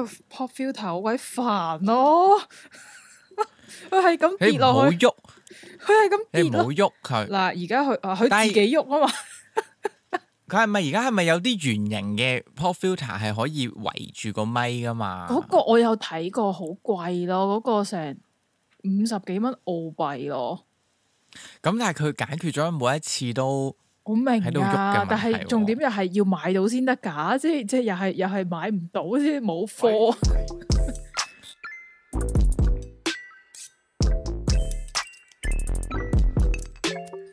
Oh, pop filter 好鬼煩咯，佢係咁跌落去。你唔好喐，佢係咁跌，唔好喐佢。嗱，而家佢佢自己喐啊嘛。佢係咪而家係咪有啲圓形嘅 pop filter 係可以圍住個咪噶嘛？嗰個我有睇過，好貴咯，嗰個成五十幾蚊澳幣咯。咁但係佢解決咗，每一次都。我明啊，但係重點又係要買到先得噶，即係即係又係又係買唔到先冇貨。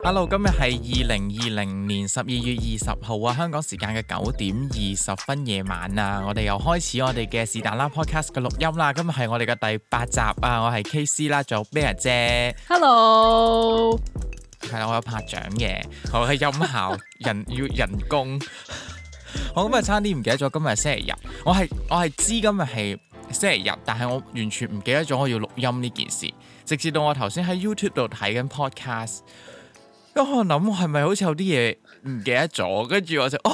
Hello，今日係二零二零年十二月二十號啊，香港時間嘅九點二十分夜晚啊，我哋又開始我哋嘅是但啦 Podcast 嘅錄音啦，今日係我哋嘅第八集啊，我係 KC 啦，仲有咩啊姐？Hello。係啦，我有拍掌嘅，我係音效 人要人工， 我今日差啲唔記得咗今日星期日，我係我係知今日係星期日，但係我完全唔記得咗我要錄音呢件事，直至到我頭先喺 YouTube 度睇緊 Podcast，咁我諗係咪好似有啲嘢唔記得咗？跟住我就哦，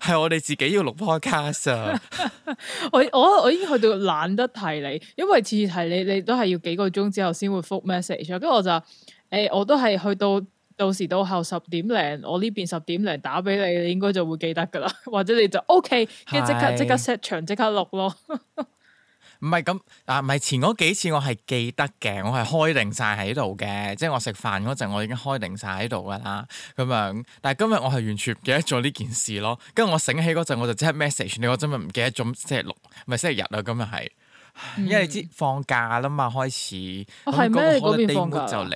係我哋自己要錄 Podcast 啊！ 我我我已經去到懶得提你，因為次次提你，你都係要幾個鐘之後先會復 message，跟住我就誒、欸，我都係去到。到時到後十點零，我呢邊十點零打俾你，你應該就會記得噶啦，或者你就 O K，跟住即刻即是刻 set 場，即刻錄咯。唔係咁，啊，唔係前嗰幾次我係記得嘅，我係開定晒喺度嘅，即係我食飯嗰陣我已經開定晒喺度噶啦，咁樣。但係今日我係完全唔記得咗呢件事咯，跟住我醒起嗰陣我就即刻 message 你，我真係唔記得咗，星期六，唔係星期日啊，今日係，嗯、因為你知放假啦嘛，開始我係咩？邊放假？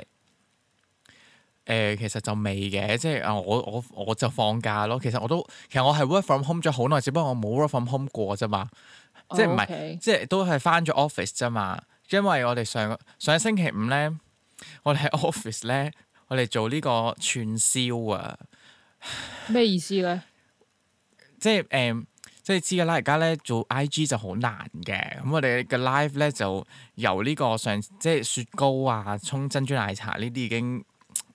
誒、呃，其實就未嘅，即係啊，我我我就放假咯。其實我都，其實我係 work from home 咗好耐，只不過我冇 work from home 過啫嘛、oh, okay.，即係唔係，即係都係翻咗 office 啫嘛。因為我哋上個上個星期五咧，我哋喺 office 咧，我哋做呢個串燒啊，咩意思咧、呃？即係誒，即係知噶啦，而家咧做 IG 就好難嘅。咁我哋嘅 live 咧就由呢個上即係雪糕啊，沖珍珠奶茶呢啲已經。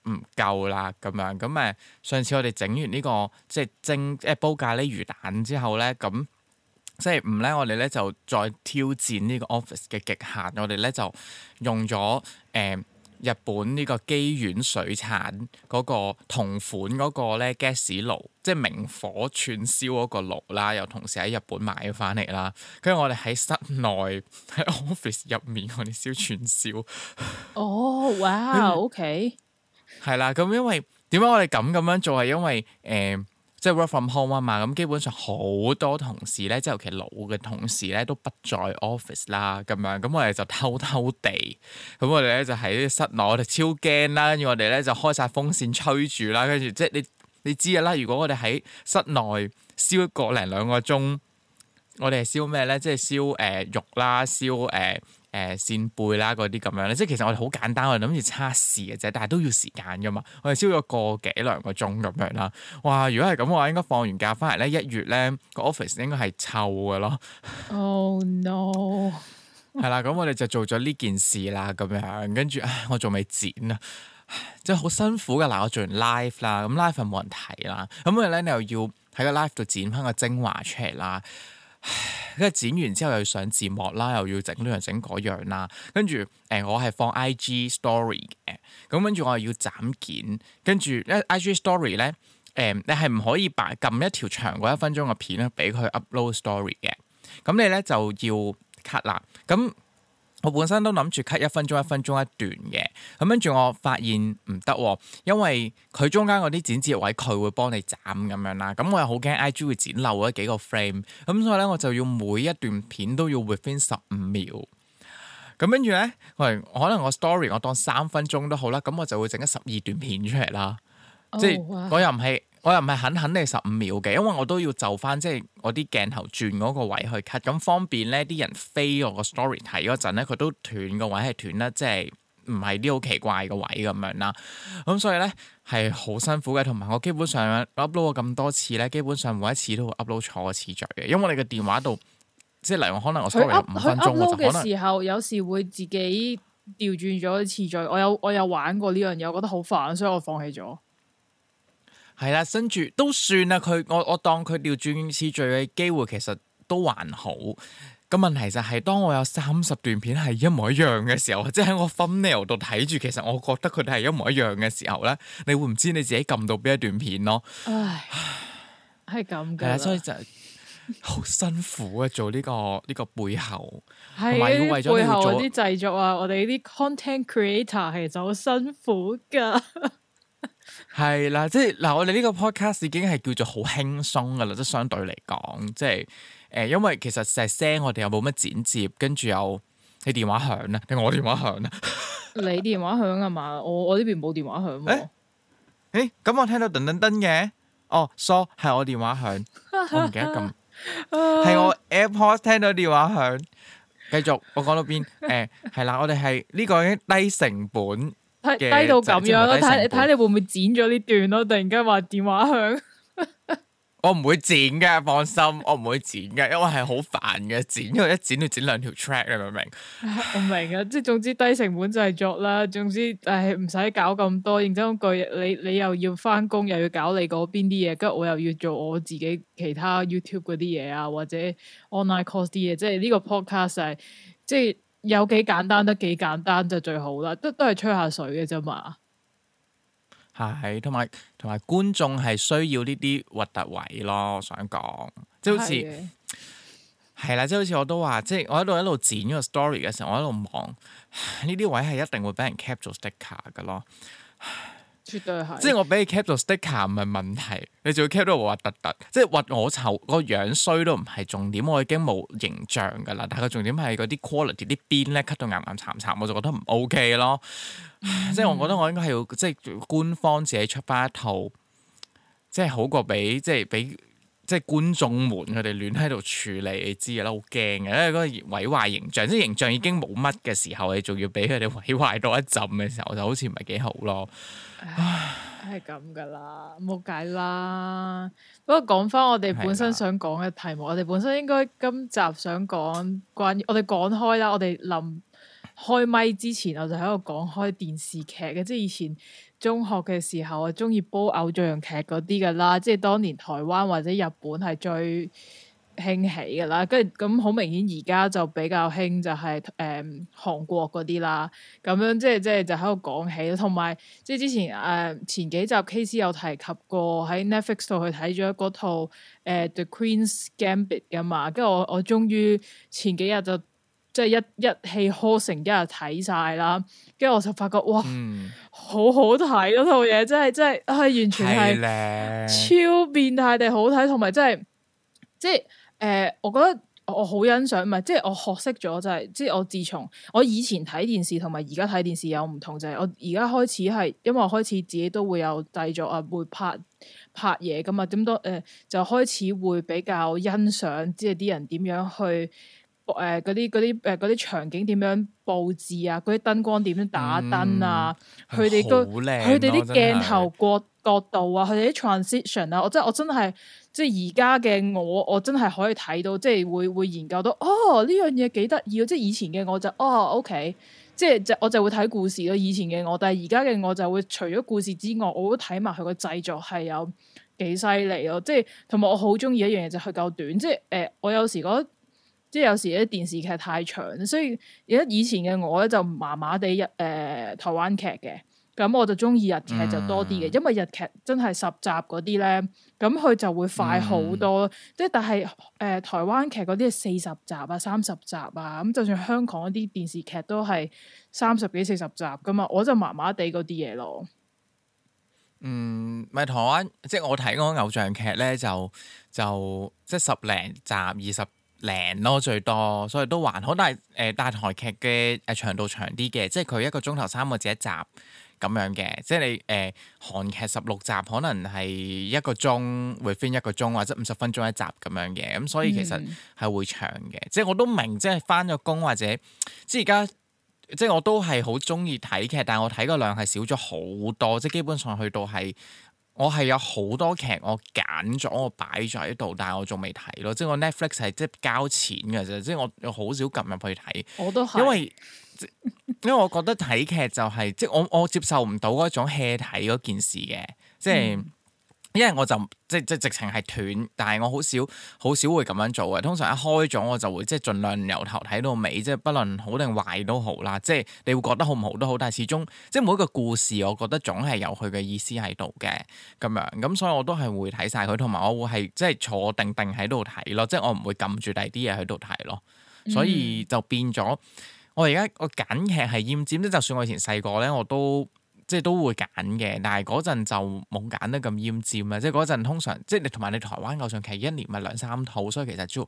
唔夠啦，咁樣，咁誒，上次我哋整完呢、呢個即係蒸誒煲咖喱魚蛋之後咧，咁星期五咧，我哋咧就再挑戰呢個 office 嘅極限。我哋咧就用咗誒、呃、日本呢個磯丸水產嗰個同款嗰個咧 gas 爐，即係明火串燒嗰個爐啦，又同時喺日本買翻嚟啦。跟住我哋喺室內喺 office 入面，我哋燒串燒。哦，哇，OK。係啦，咁因為點解我哋咁咁樣做係因為誒，即、呃、係、就是、work from home 啊嘛，咁基本上好多同事咧，即係尤其老嘅同事咧，都不在 office 啦，咁樣，咁我哋就偷偷地，咁我哋咧就喺室內，我哋超驚啦，跟住我哋咧就開晒風扇吹住啦，跟住即係你你知噶啦，如果我哋喺室內燒個零兩個鐘，我哋係燒咩咧？即係燒誒肉啦，燒誒。呃誒扇貝啦，嗰啲咁樣咧，即係其實我哋好簡單，我哋諗住測試嘅啫，但係都要時間噶嘛，我哋燒咗個幾兩個鐘咁樣啦。哇！如果係咁嘅話，應該放完假翻嚟咧，一月咧個 office 應該係臭嘅咯。Oh no！係 啦，咁我哋就做咗呢件事啦，咁樣跟住，唉，我仲未剪啊，即係好辛苦嘅。嗱，我做完 live 啦，咁 live 又冇人睇啦，咁嘅咧，你又要喺個 live 度剪翻個精華出嚟啦。跟住剪完之後又要上字幕啦，又要整呢樣整嗰樣啦，跟住誒、呃、我係放 I G story 嘅，咁跟住我又要斬件。跟住咧、啊、I G story 咧，誒、呃、你係唔可以擺撳一條長過一分鐘嘅片咧，俾佢 upload story 嘅，咁、嗯、你咧就要 cut 啦，咁、嗯。我本身都諗住 cut 一分鐘一分鐘一段嘅，咁跟住我發現唔得，因為佢中間嗰啲剪接位佢會幫你斬咁樣啦，咁我又好驚 IG 會剪漏咗幾個 frame，咁所以咧我就要每一段片都要 within 十五秒，咁跟住咧，喂，可能我 story 我當三分鐘都好啦，咁我就會整咗十二段片出嚟啦，Oh, wow. 即係我又唔係。我又唔係肯肯定十五秒嘅，因為我都要就翻即係我啲鏡頭轉嗰個位去 cut，咁方便咧，啲人飛我個 story 睇嗰陣咧，佢都斷個位係斷得即係唔係啲好奇怪個位咁樣啦。咁、嗯、所以咧係好辛苦嘅，同埋我基本上 upload 咁多次咧，基本上每一次都會 upload 錯個次序嘅，因為我哋嘅電話度即係例如可能我佢佢 upload 嘅時候有時會自己調轉咗次序，我有我有玩過呢樣嘢，我覺得好煩，所以我放棄咗。係啦，跟住都算啦。佢我我當佢調轉次序嘅機會，其實都還好。咁問題就係，當我有三十段片係一模一樣嘅時候，即係喺我 final 度睇住，其實我覺得佢哋係一模一樣嘅時候咧，你會唔知你自己撳到邊一段片咯。唉，係咁嘅，所以就好辛苦啊！ 做呢個呢個背後，同埋要為咗背後啲製作啊，我哋呢啲 content creator 其實好辛苦噶。 .係啦，即係嗱，我哋呢個 podcast 已經係叫做好輕鬆噶啦，即係相對嚟講，即係誒、呃，因為其實成聲，我哋又冇乜剪接，跟住又你電話響咧，定我電話響咧？你電話響啊 嘛？欸欸、我噹噹噹、oh, so, 我呢邊冇電話響。誒，咁我聽到噔噔噔嘅。哦 sorry 係我電話響，我唔記得咁，係 我 AirPods 聽到電話響。繼 續，我講到邊？誒、欸，係啦，我哋係呢個已經低成本。低到咁樣咯，睇你睇你會唔會剪咗呢段咯？突然間話電話響， 我唔會剪噶，放心，我唔會剪噶，因為係好煩嘅剪，因為一剪就剪兩條 track，你明唔明？ 我明啊，即係總之低成本就係作啦，總之誒唔使搞咁多。認真講句，你你又要翻工，又要搞你嗰邊啲嘢，跟住我又要做我自己其他 YouTube 嗰啲嘢啊，或者 online course 啲嘢，即係呢個 podcast 係即係。有幾簡單得幾簡單就最好啦，都都係吹下水嘅啫嘛。係，同埋同埋觀眾係需要呢啲核突位咯，我想講，即係好似係啦，即係好似我都話，即係我喺度一路剪個 story 嘅時候，我喺度望呢啲位係一定會俾人 cap 做 sticker 嘅咯。絕對係，即係我俾你 cap 到 sticker 唔係問題，你仲要 cap 到核核突突，即係核我醜個樣衰都唔係重點，我已經冇形象噶啦。但係個重點係嗰啲 quality 啲邊咧 cut 到岩岩殘殘，我就覺得唔 ok 咯。嗯、即係我覺得我應該係要即係官方自己出翻一套，即係好過俾即係俾。即係觀眾們佢哋亂喺度處理，你知嘅啦，好驚嘅。因為嗰個毀壞形象，即係形象已經冇乜嘅時候，你仲要俾佢哋毀壞到一浸嘅時候，我就好似唔係幾好咯。唉，係咁噶啦，冇計啦。不過講翻我哋本身想講嘅題目，的我哋本身應該今集想講關於，我哋講開啦。我哋臨開麥之前，我就喺度講開電視劇嘅，即係以前。中學嘅時候啊，中意煲偶像劇嗰啲噶啦，即係當年台灣或者日本係最興起噶啦，跟住咁好明顯而家就比較興就係誒韓國嗰啲啦，咁樣即係即係就喺度講起，同埋即係之前誒、呃、前幾集 KC 有提及過喺 Netflix 度去睇咗嗰套誒、呃、The Queen's Gambit 噶嘛，跟住我我終於前幾日就。即係一一氣呵成一日睇晒啦，跟住我就發覺哇，嗯、好好睇嗰套嘢，真係真係啊、哎，完全係超變態地好睇，同埋真係即係誒、呃，我覺得我好欣賞，唔係即係我學識咗就係、是，即係我自從我以前睇電視同埋而家睇電視有唔同，就係、是、我而家開始係，因為我開始自己都會有製作啊，會拍拍嘢㗎嘛，咁多誒就開始會比較欣賞，即係啲人點樣去。誒，嗰啲嗰啲誒，嗰啲、呃、場景點樣布置啊？嗰啲燈光點樣打燈啊？佢哋都好靚，佢哋啲鏡頭角角度啊，佢哋啲 transition 啊，我真我真係即係而家嘅我，我真係可以睇到，即係會會研究到哦呢樣嘢幾得意咯。即係以前嘅我就哦，OK，即係就我就會睇故事咯。以前嘅我，但係而家嘅我就會除咗故事之外，我都睇埋佢個製作係有幾犀利咯。即係同埋我好中意一樣嘢就係佢夠短，即係誒、呃，我有時覺得。即係有時啲電視劇太長，所以而家以前嘅我咧就麻麻地日誒、呃、台灣劇嘅，咁我就中意日劇就多啲嘅，嗯、因為日劇真係十集嗰啲咧，咁佢就會快好多。即係、嗯、但係誒、呃、台灣劇嗰啲係四十集啊、三十集啊，咁就算香港嗰啲電視劇都係三十幾、四十集噶嘛，我就麻麻地嗰啲嘢咯。嗯，咪台灣即係我睇嗰個偶像劇咧，就就即係十零集二十集。零咯最多，所以都還好。但係誒、呃，但係台劇嘅誒長度長啲嘅，即係佢一個鐘頭三個字一集咁樣嘅，即係你誒韓劇十六集可能係一個鐘會 fin 一個鐘或者五十分鐘一集咁樣嘅，咁所以其實係會長嘅、嗯。即係我都明，即係返咗工或者即係而家，即係我都係好中意睇劇，但係我睇個量係少咗好多，即係基本上去到係。我係有好多劇我，我揀咗我擺咗喺度，但係我仲未睇咯。即係我 Netflix 係即係交錢嘅啫，即係我好少撳入去睇。我都係，因為 因為我覺得睇劇就係、是、即係我我接受唔到嗰種 hea 睇嗰件事嘅，即係。嗯因為我就即即,即直情係斷，但係我好少好少會咁樣做嘅。通常一開咗，我就會即係盡量由頭睇到尾，即係不論好定壞都好啦。即係你會覺得好唔好都好，但係始終即係每一個故事，我覺得總係有佢嘅意思喺度嘅咁樣。咁所以我都係會睇晒佢，同埋我會係即係坐定定喺度睇咯。即係我唔會撳住第二啲嘢喺度睇咯。所以就變咗我而家我揀劇係厭尖。即就算我以前細個咧，我都。即係都會揀嘅，但係嗰陣就冇揀得咁奄尖啊！即係嗰陣通常，即係你同埋你台灣偶像劇一年咪兩三套，所以其實仲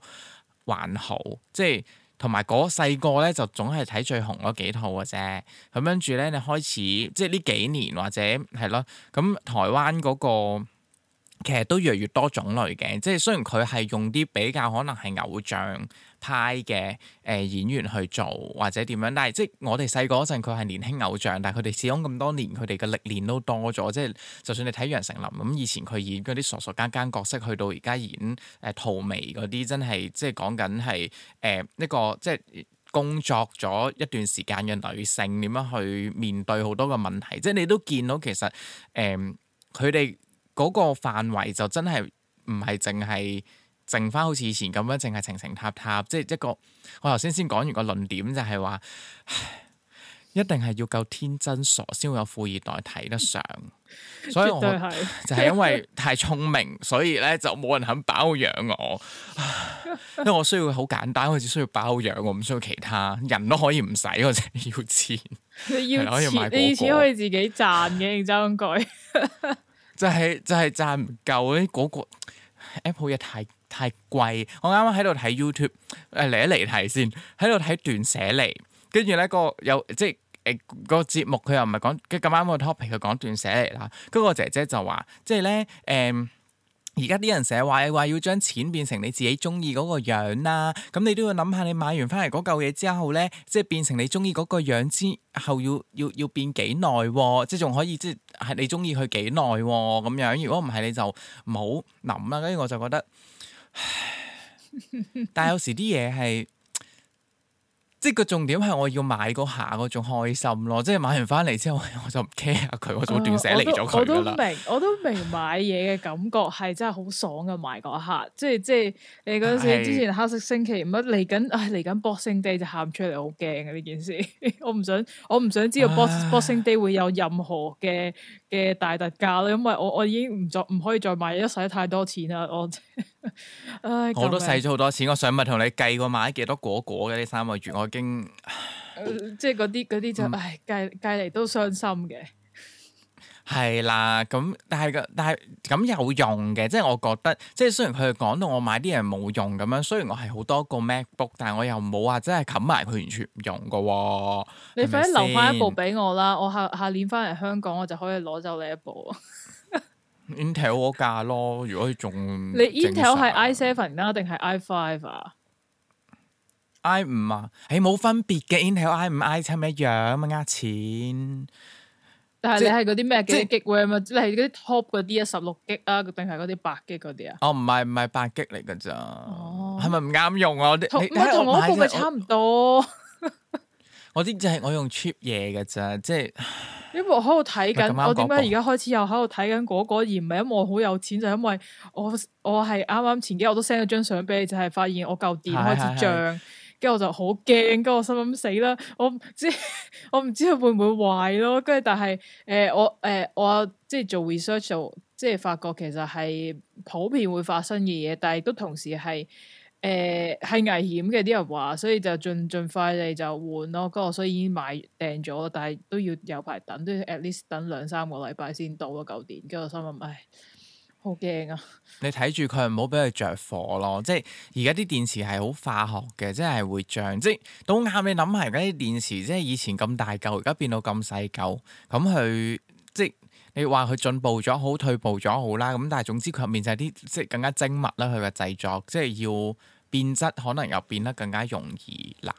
還好。即係同埋嗰細個咧，就總係睇最紅嗰幾套嘅啫。咁跟住咧，你開始即係呢幾年或者係咯，咁台灣嗰個。其實都越嚟越多種類嘅，即係雖然佢係用啲比較可能係偶像派嘅誒演員去做或者點樣，但係即係我哋細個嗰陣佢係年輕偶像，但係佢哋始終咁多年佢哋嘅歷練都多咗。即係就算你睇楊丞琳咁，以前佢演嗰啲傻傻更更角色，去到而家演誒荼蘼嗰啲，真係即係講緊係誒一個即係工作咗一段時間嘅女性點樣去面對好多嘅問題。即係你都見到其實誒佢哋。呃嗰個範圍就真係唔係淨係淨返好似以前咁樣，淨係情情塔塔。即係一個。我頭先先講完個論點就，就係話一定係要夠天真傻先會有富二代睇得上，所以我對就係因為太聰明， 所以咧就冇人肯包養我，因為我需要好簡單，我只需要包養我，唔需要其他人都可以唔使，我只要錢，你要錢，你錢可以自己賺嘅，認真句。 就係、是、就係賺唔夠嗰嗰個 Apple 嘅太太貴。我啱啱喺度睇 YouTube，誒、啊、離一離題先，喺度睇斷捨離，跟住咧個有即係誒、呃那個節目佢又唔係講，跟咁啱個 topic 佢講斷捨離啦。嗰、那個姐姐就話，即係咧誒。嗯而家啲人成日話話要將錢變成你自己中意嗰個樣啦，咁你都要諗下，你買完翻嚟嗰嚿嘢之後咧，即係變成你中意嗰個樣之後要，要要要變幾耐啊？即係仲可以即係你中意佢幾耐咁樣？如果唔係你就唔好諗啦。跟住我就覺得，唉但係有時啲嘢係。即係個重點係我要買嗰下嗰種開心咯，即係買完翻嚟之後我就唔 care 下佢，我就斷捨離咗佢我都明，我都明,我都明買嘢嘅感覺係真係好爽嘅買嗰下，即係即係你嗰陣時是之前黑色星期五嚟緊，唉嚟緊、哎、Boxing Day 就喊出嚟好驚啊！呢件事 我唔想，我唔想知道 Boxing Day、啊、會有任何嘅。嘅大特價啦，因為我我已經唔再唔可以再買，一使太多錢啦。我， 唉，我都使咗好多錢。 我想問同你計過買幾多果果嘅呢三個月，嗯、我已經， 呃、即係嗰啲嗰啲就、嗯、唉計計嚟都傷心嘅。係啦，咁但係個但係咁有用嘅，即係我覺得即係雖然佢哋講到我買啲嘢冇用咁樣，雖然我係好多個 MacBook，但係我又冇話真係冚埋佢完全唔用噶。你快啲吧留翻一部俾我啦，我下下年翻嚟香港，我就可以攞走你一部 Intel 嗰架咯。如果你仲你 Intel 係 i seven 啦，定係 i five 啊？i 五啊？你冇、啊啊、分別嘅 Intel i 五 i 七咪一樣咁、啊、呃錢。係你係嗰啲咩幾級位係咪？你即係嗰啲 top 嗰啲啊，十六級啊，定係嗰啲八級嗰啲啊？哦，唔係唔係八級嚟噶咋？哦，係咪唔啱用啊？我啲？同我部咪差唔多。我啲就係我用 cheap 嘢噶咋，即係。你部喺度睇緊，我點解而家開始又喺度睇緊嗰個？而唔係因為我好有錢，就因為我我係啱啱前幾日我都 send 咗張相俾你，就係發現我舊電開始漲。跟住我就好驚，跟住我心諗死啦！我唔知我唔知佢會唔會壞咯。跟住但係誒、呃、我誒、呃、我即係做 research 就即係發覺其實係普遍會發生嘅嘢，但係都同時係誒係危險嘅啲人話，所以就盡盡快地就換咯。跟住我所以已經買訂咗，但係都要有排等，都要 at least 等兩三個禮拜先到啊！舊電跟住我心諗唉。哎好驚啊！你睇住佢，唔好俾佢着火咯。即係而家啲電池係好化學嘅，即係會漲。即係都啱你諗下，而家啲電池即係以前咁大嚿，而家變到咁細嚿。咁佢即係你話佢進步咗好，退步咗好啦。咁但係總之佢入面就係啲即係更加精密啦。佢嘅製作即係要變質，可能又變得更加容易啦。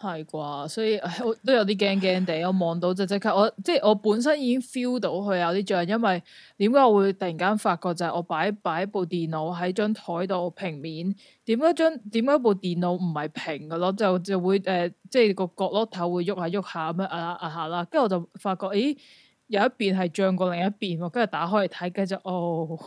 係啩，所以我都有啲驚驚地。我望到就即刻，我即係我本身已經 feel 到佢有啲脹。因為點解我會突然間發覺就係我擺擺部電腦喺張枱度平面，點解張點解部電腦唔係平㗎囉？就就會誒、呃，即係個角落頭會喐下喐下咁樣壓下壓下啦。跟、啊、住、啊啊啊啊啊、我就發覺，咦，有一邊係脹過另一邊。跟住打開嚟睇，跟住哦。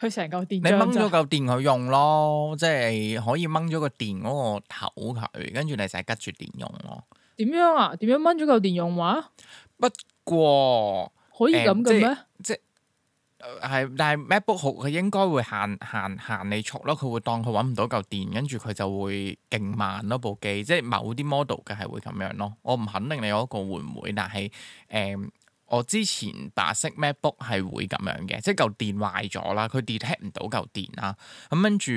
佢成嚿電，你掹咗嚿電去用咯，即係可以掹咗個電嗰個頭佢，跟住你成日拮住電用咯。點樣啊？點樣掹咗嚿電用話？不過可以咁嘅咩？即係嗎、呃，但係 MacBook 好，佢應該會限限限你速咯。佢會當佢搵唔到嚿電，跟住佢就會勁慢咯部機。即係某啲 model 嘅係會咁樣咯。我唔肯定你嗰個會唔會，但係誒。呃我之前白色 MacBook 係會咁樣嘅，即係嚿電壞咗啦，佢 detect 唔到嚿電啦，咁跟住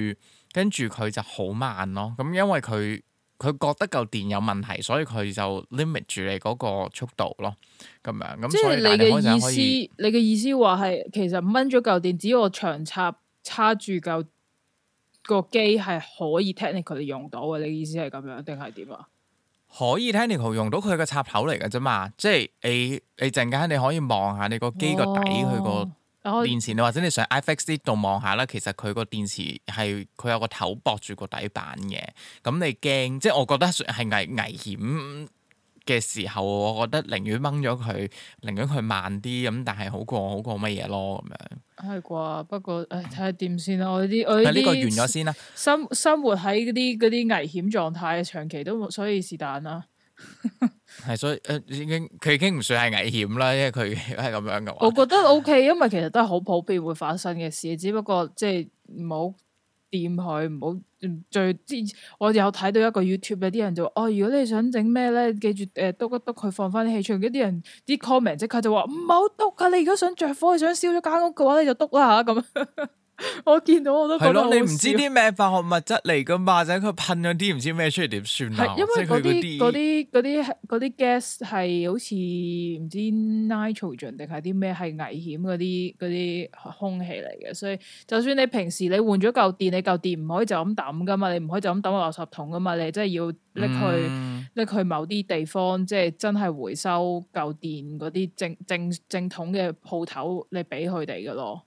跟住佢就好慢咯。咁因為佢佢覺得嚿電有問題，所以佢就 limit 住你嗰個速度咯。咁樣咁所以，但係你可唔可以？你嘅意思話係其實掹咗嚿電，只要我長插插住嚿個機係可以 technically 用到嘅。你意思係咁樣定係點啊？可以 technical 用到佢個插頭嚟嘅啫嘛，即係你你陣間你可以望下你個機個底佢個哇電池，你或者你上 FX 嗰度望下啦。哦、其實佢個電池係佢有個頭駁住個底板嘅，咁你驚即係我覺得係危危險。嘅時候，我覺得寧願掹咗佢，寧願佢慢啲咁，但係好過好過乜嘢咯咁樣。係啩？不過誒，睇下點先啦。我啲、嗯、我呢個完咗先啦。生生活喺嗰啲啲危險狀態，長期都冇，所以 是但啦。係所以誒，呃、已經佢已經唔算係危險啦，因為佢係咁樣嘅話。我覺得 O、OK, K，因為其實都係好普遍會發生嘅事，只不過即係唔好。掂佢唔好最之前，我有睇到一個 YouTube 有啲人就話哦，如果你想整咩咧，記住誒篤、呃、一篤佢放翻啲氣，仲有啲人啲 comment 即刻就話唔好篤啊！你如果想著火，你想燒咗間屋嘅話，你就篤啦嚇咁。 我見到我都覺得，你唔知啲咩化學物質嚟噶嘛？仔佢噴咗啲唔知咩出嚟，點算係因為嗰啲嗰啲嗰啲啲 gas 係好似唔知 nitrogen 定係啲咩係危險嗰啲嗰啲空氣嚟嘅，所以就算你平時你換咗舊電，你舊電唔可以就咁抌噶嘛，你唔可以就咁抌落垃圾桶噶嘛，你真係要拎去拎、嗯、去某啲地方，即係真係回收舊電嗰啲正正正統嘅鋪頭，你俾佢哋噶咯。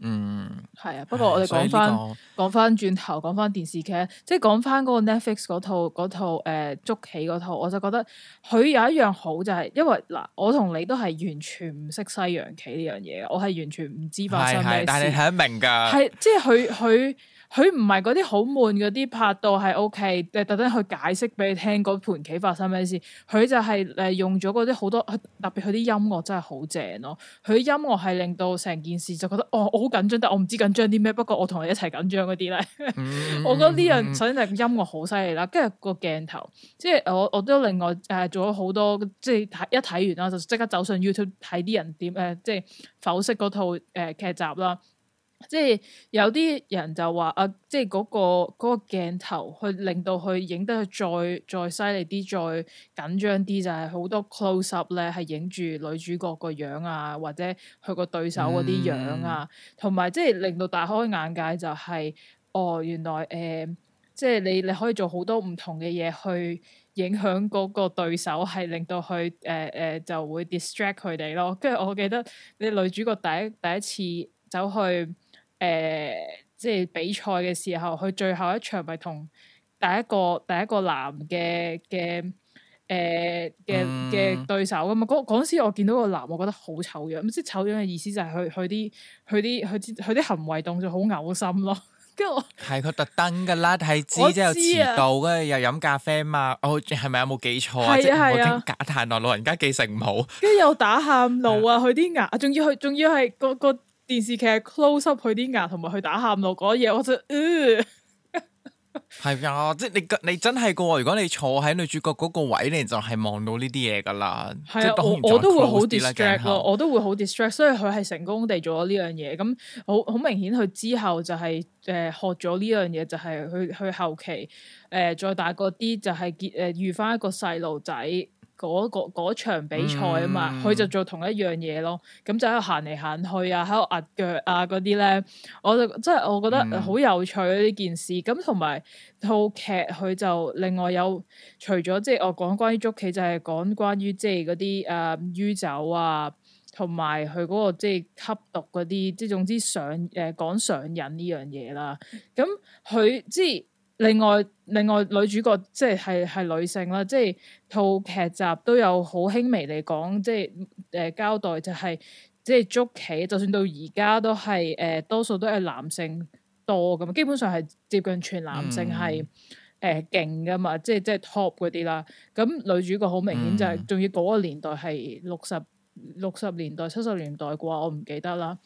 嗯，係啊、mm.，不過我哋講翻，講翻轉頭，講翻電視劇，即係講翻嗰個 Netflix 嗰套嗰套誒捉、呃、棋嗰套，我就覺得佢有一樣好就係、是，因為嗱，我同你都係完全唔識西洋棋呢樣嘢，我係完全唔知發生咩事，是是但係你睇得明噶係即係佢佢。就是佢唔係嗰啲好悶嗰啲拍到係 OK，誒特登去解釋俾你聽嗰盤棋發生咩事。佢就係誒用咗嗰啲好多，特別佢啲音樂真係好正咯。佢音樂係令到成件事就覺得哦，我好緊張，但我唔知緊張啲咩。不過我同你一齊緊張嗰啲咧， 嗯嗯、我覺得呢樣、嗯嗯、首先就係音樂好犀利啦。跟住個鏡頭，即係我我都另外誒做咗好多，即係睇一睇完啦，就即刻走上 YouTube 睇啲人點誒，即係剖析嗰套誒劇集啦。即係有啲人就話啊，即係嗰、嗰個嗰、嗰個鏡頭去令到佢影得再再犀利啲、再緊張啲，就係好多 close up 咧，係影住女主角個樣啊，或者佢個對手嗰啲樣啊，同埋、嗯、即係令到大開眼界，就係，就係哦，原來誒、呃，即係你你可以做好多唔同嘅嘢去影響嗰個對手，係令到佢誒誒就會 distract 佢哋咯。跟住我記得你女主角第一第一次走去，誒、呃，即係比賽嘅時候，佢最後一場咪同第一個第一個男嘅嘅誒嘅嘅對手咁啊！嗰嗰時我見到個男，我覺得好醜樣，唔知係醜樣嘅意思就係佢佢啲佢啲佢佢啲行為動作好嘔心咯。跟住我，係佢特登噶啦，係知即、啊、後遲到，跟住又飲咖啡嘛。我係咪有冇記錯啊？即係唔好假太耐，老人家記性唔好。跟住又打喊路啊！佢啲牙，仲要佢仲要係個個。電視劇 close up 佢啲牙同埋佢打喊路嗰嘢，一我就，係、呃、 啊！即係你你真係個，如果你坐喺女主角嗰個位，你就係望到呢啲嘢噶啦。係、啊、我我都會好 distress 咯，我都會好 distress，頭 dist 所以佢係成功地做咗呢樣嘢。咁好好明顯，佢之後就係、是、誒、呃、學咗呢樣嘢，就係去去後期誒、呃、再大個啲、就是，就係結誒遇翻一個細路仔。嗰個嗰場比賽啊嘛，佢、嗯、就做同一樣嘢咯，咁就喺度行嚟行去啊，喺度壓腳啊嗰啲咧，我就即係我覺得好有趣呢、啊嗯、件事。咁同埋套劇佢就另外有除咗即係我講關於捉棋，就係講關於即係嗰啲誒酗酒啊，同埋佢嗰個即係吸毒嗰啲，即係總之想誒講上癮呢樣嘢啦。咁佢即係。另外，另外女主角即係係女性啦，即係套劇集都有好輕微嚟講，即係誒、呃、交代就係、是、即係捉棋，就算到而家都係誒、呃、多數都係男性多咁，基本上係接近全男性係誒勁㗎嘛，即係即係 top 嗰啲啦。咁女主角好明顯就係、是，仲、嗯、要嗰個年代係六十六十年代七十年代啩，我唔記得啦。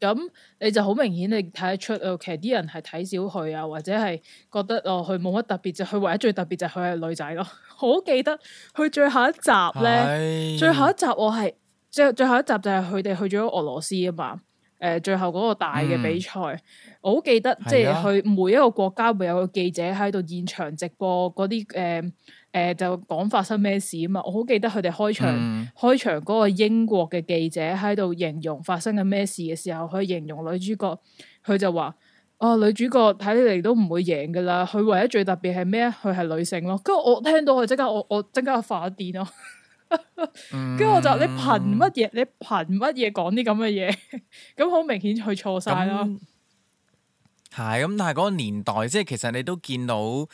咁你就好明顯，你睇得出咯。其實啲人係睇少佢啊，或者係覺得哦，佢冇乜特別。就佢唯一最特別就佢係女仔咯。好 記得佢最後一集咧，哎，最後一集我係最最後一集就係佢哋去咗俄羅斯啊嘛。誒、呃，最後嗰個大嘅比賽，嗯、我好記得，即係佢每一個國家會有個記者喺度現場直播嗰啲誒。誒、呃，就講發生咩事啊嘛？我好記得佢哋開場、嗯、開場嗰個英國嘅記者喺度形容發生緊咩事嘅時候，佢形容女主角，佢就話：啊、哦，女主角睇你哋都唔會贏噶啦。佢唯一最特別係咩？佢係女性咯。跟住我聽到佢即刻，我我即刻發咗癲咯。跟 住我就：嗯、你憑乜嘢？你憑乜嘢講啲咁嘅嘢？咁 好明顯佢錯晒啦。係咁、嗯嗯，但係嗰個年代，即係其實你都見到。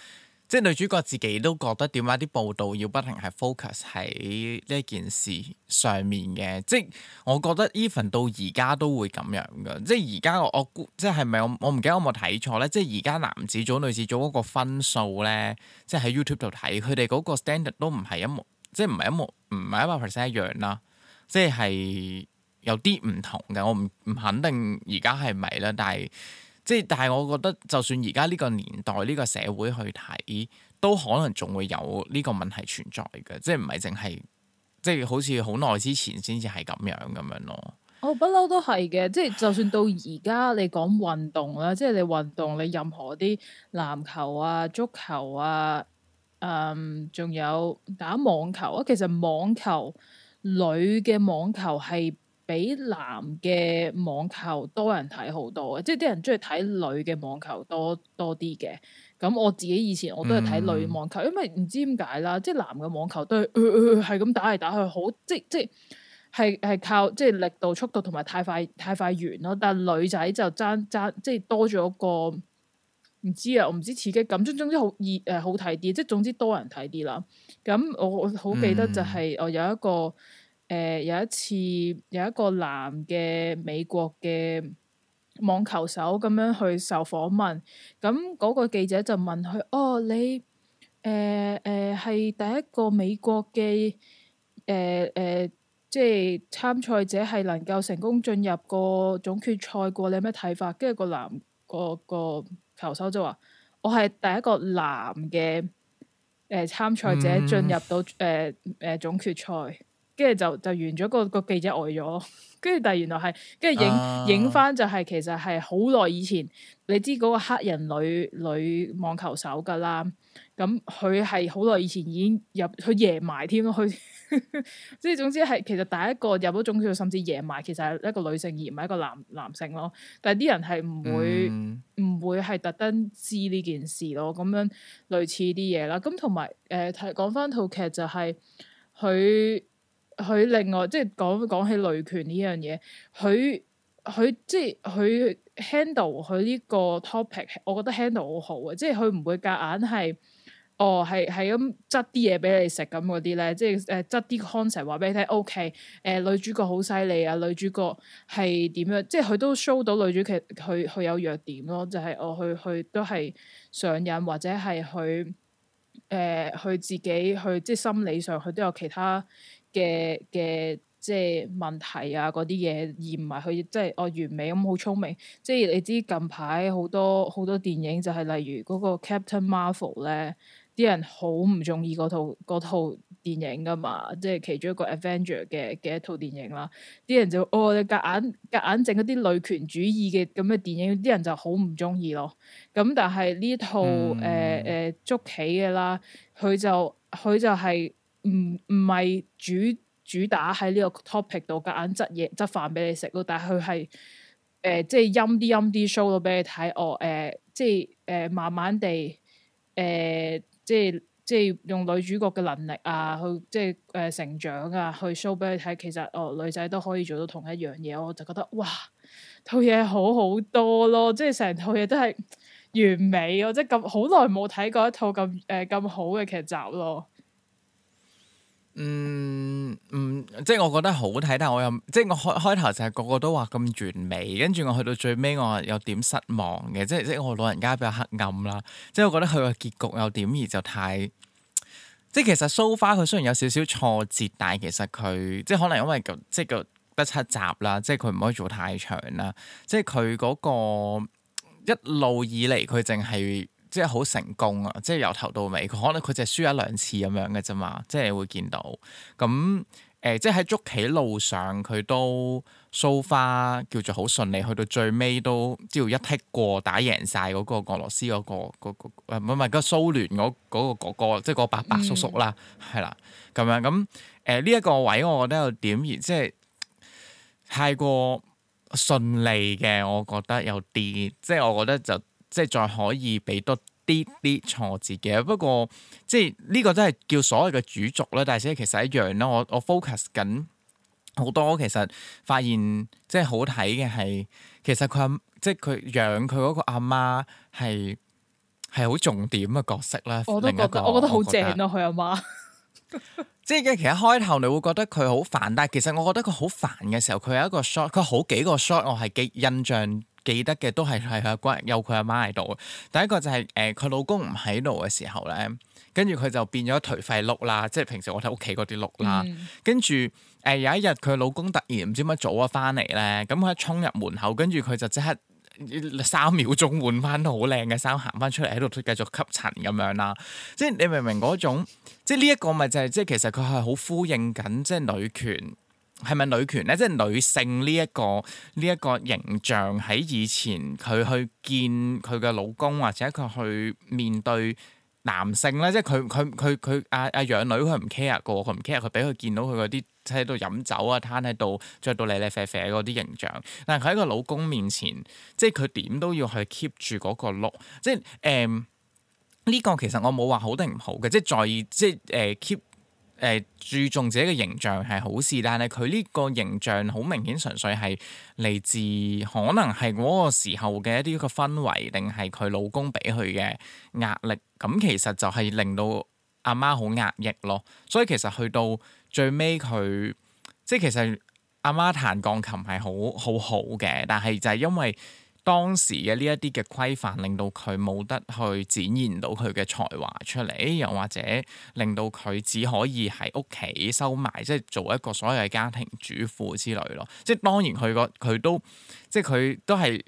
即係女主角自己都覺得點解啲報道要不停係 focus 喺呢一件事上面嘅，即係我覺得 even 到而家都會咁樣㗎。即係而家我估，即係係咪我我唔記得我有冇睇錯咧？即係而家男子組、女子組嗰個分數咧，即係喺 YouTube 度睇，佢哋嗰個 standard 都唔係一模，即係唔係一模唔係一百 percent 一樣啦。即係有啲唔同嘅，我唔唔肯定而家係咪啦，但係。即係，但係我覺得，就算而家呢個年代、呢個社會去睇，都可能仲會有呢個問題存在嘅。即係唔係淨係，即係好似好耐之前先至係咁樣咁樣咯。我不嬲都係嘅， 即係就算到而家你講運動啦，即係你運動你任何啲籃球啊、足球啊，誒、嗯，仲有打網球啊。其實網球女嘅網球係。比男嘅網球多人睇好多嘅，即係啲人中意睇女嘅網球多多啲嘅。咁我自己以前我都係睇女網球，嗯、因為唔知點解啦，即、就、係、是、男嘅網球都係係咁打嚟打去，好即即係係靠即係力度、速度同埋太快太快完咯。但係女仔就爭爭即係多咗一個唔知啊，我唔知刺激感，總總之好易誒，好睇啲，即係總之多人睇啲啦。咁我我好記得就係我有一個。嗯誒、呃、有一次有一個男嘅美國嘅網球手咁樣去受訪問，咁嗰個記者就問佢：哦，你誒誒係第一個美國嘅誒誒，即係參賽者係能夠成功進入個總決賽過，你有咩睇法？跟住個男嗰個、呃、球手就話：我係第一個男嘅誒、呃、參賽者進入到誒誒、嗯呃、總決賽。跟住就就完咗個個記者呆咗，跟住但係原來係跟住影影翻就係其實係好耐以前，你知嗰個黑人女女網球手噶啦，咁佢係好耐以前已經入佢贏埋添咯，佢即係總之係其實第一個入咗總票，甚至贏埋，其實係一個女性而唔係一個男男性咯，但係啲人係唔會唔、嗯、會係特登知呢件事咯，咁樣類似啲嘢啦，咁同埋誒，睇、呃、講翻套劇就係、是、佢。佢另外即係講講起女權呢樣嘢，佢佢即係佢 handle 佢呢個 topic，我覺得 handle 好好啊！即係佢唔會夾硬係，哦係係咁執啲嘢俾你食咁嗰啲咧，即係誒執啲 concept 話俾你聽。OK，誒女主角好犀利啊！女主角係點樣？即係佢都 show 到女主角佢佢有弱點咯，就係、是、我，佢、哦、佢都係上癮或者係佢誒佢自己去即係心理上佢都有其他。嘅嘅即係問題啊，嗰啲嘢而唔係佢即係哦完美咁好、嗯、聰明，即係你知近排好多好多電影就係例如嗰、嗰個 Captain Marvel 咧，啲人好唔中意嗰套嗰套電影噶嘛，即係其中一個 Avenger 嘅嘅一套電影啦，啲人就哦你夾硬、夾硬整嗰啲女權主義嘅咁嘅電影，啲人就好唔中意咯。咁但係呢套誒誒捉棋嘅啦，佢就佢就係、是。唔唔係主主打喺呢個 topic 度夾硬執嘢、執飯俾你食咯，但係佢係誒即係陰啲、陰啲 show 到俾你睇哦誒、呃、即係誒、呃、慢慢地誒、呃、即係即係用女主角嘅能力啊去即係誒成長啊去 show 俾你睇，其實哦、呃、女仔都可以做到同一樣嘢，我就覺得哇套嘢好好多咯，即係成套嘢都係完美，我即係咁好耐冇睇過一套咁誒咁好嘅劇集咯。嗯嗯，即係我覺得好睇，但係我又即係我開開頭就係個個都話咁完美，跟住我去到最尾，我有點失望嘅，即係即係我老人家比較黑暗啦，即係我覺得佢個結局有點而就太，即係其實 so far 佢雖然有少少挫折，但係其實佢即係可能因為即係個得七集啦，即係佢唔可以做太長啦，即係佢嗰個一路以嚟佢淨係。即係好成功啊！即係由頭到尾，佢可能佢就係輸一兩次咁樣嘅啫嘛。即係會見到咁誒、嗯，即係喺捉棋路上佢都蘇花叫做好順利，去到最尾都只要一剔過打贏晒嗰個俄羅斯嗰個唔係唔係嗰個蘇聯嗰嗰個嗰個，即、那、係個白白叔叔啦，係啦咁樣咁誒。呢、嗯、一、這個位我覺得有點而即係太過順利嘅，我覺得有啲即係我覺得就。即係再可以俾多啲啲挫折嘅，不過即係呢、這個都係叫所謂嘅主軸啦。但係其實一樣咯。我我 focus 緊好多，其實發現即係好睇嘅係，其實佢即係佢養佢嗰個阿媽係係好重點嘅角色啦。我都覺得，我覺得好正咯。佢阿媽即係其實一開頭你會覺得佢好煩，但係其實我覺得佢好煩嘅時候，佢有一個 shot，佢好幾個 shot，我係幾印象。記得嘅都係係佢阿關有佢阿媽喺度。第一個就係誒佢老公唔喺度嘅時候咧，跟住佢就變咗頹廢碌啦，即係平時我哋屋企嗰啲碌啦。嗯、跟住誒、呃、有一日佢老公突然唔知乜早咗翻嚟咧，咁佢一衝入門口，跟住佢就即刻三秒鐘換翻好靚嘅衫，行翻出嚟喺度繼續吸塵咁樣啦。即係你明唔明嗰種？即係呢一個咪就係、是、即係其實佢係好呼應緊即係女權，係咪女權咧？即係女性呢、這、一個呢一、這個形象喺以前佢去見佢嘅老公或者佢去面對男性咧？即係佢佢佢佢阿阿養女佢唔 care 個，佢唔 care 佢俾佢見到佢嗰啲喺度飲酒啊，攤喺度着到瀨瀨啡啡嗰啲形象。但係佢喺個老公面前，即係佢點都要去 keep 住嗰個 look。即係誒、呢、這個其實我冇話好定唔好嘅，即係在意即係誒、呃、keep。誒、呃、注重自己嘅形象係好事，但係佢呢個形象好明顯純粹係嚟自可能係嗰個時候嘅一啲個氛圍，定係佢老公俾佢嘅壓力。咁其實就係令到阿媽好壓抑咯。所以其實去到最尾佢，即係其實阿媽彈鋼琴係好好好嘅，但係就係因為。當時嘅呢一啲嘅規範，令到佢冇得去展現到佢嘅才華出嚟，又或者令到佢只可以喺屋企收埋，即係做一個所有嘅家庭主婦之類咯。即係當然佢個佢都，即係佢都係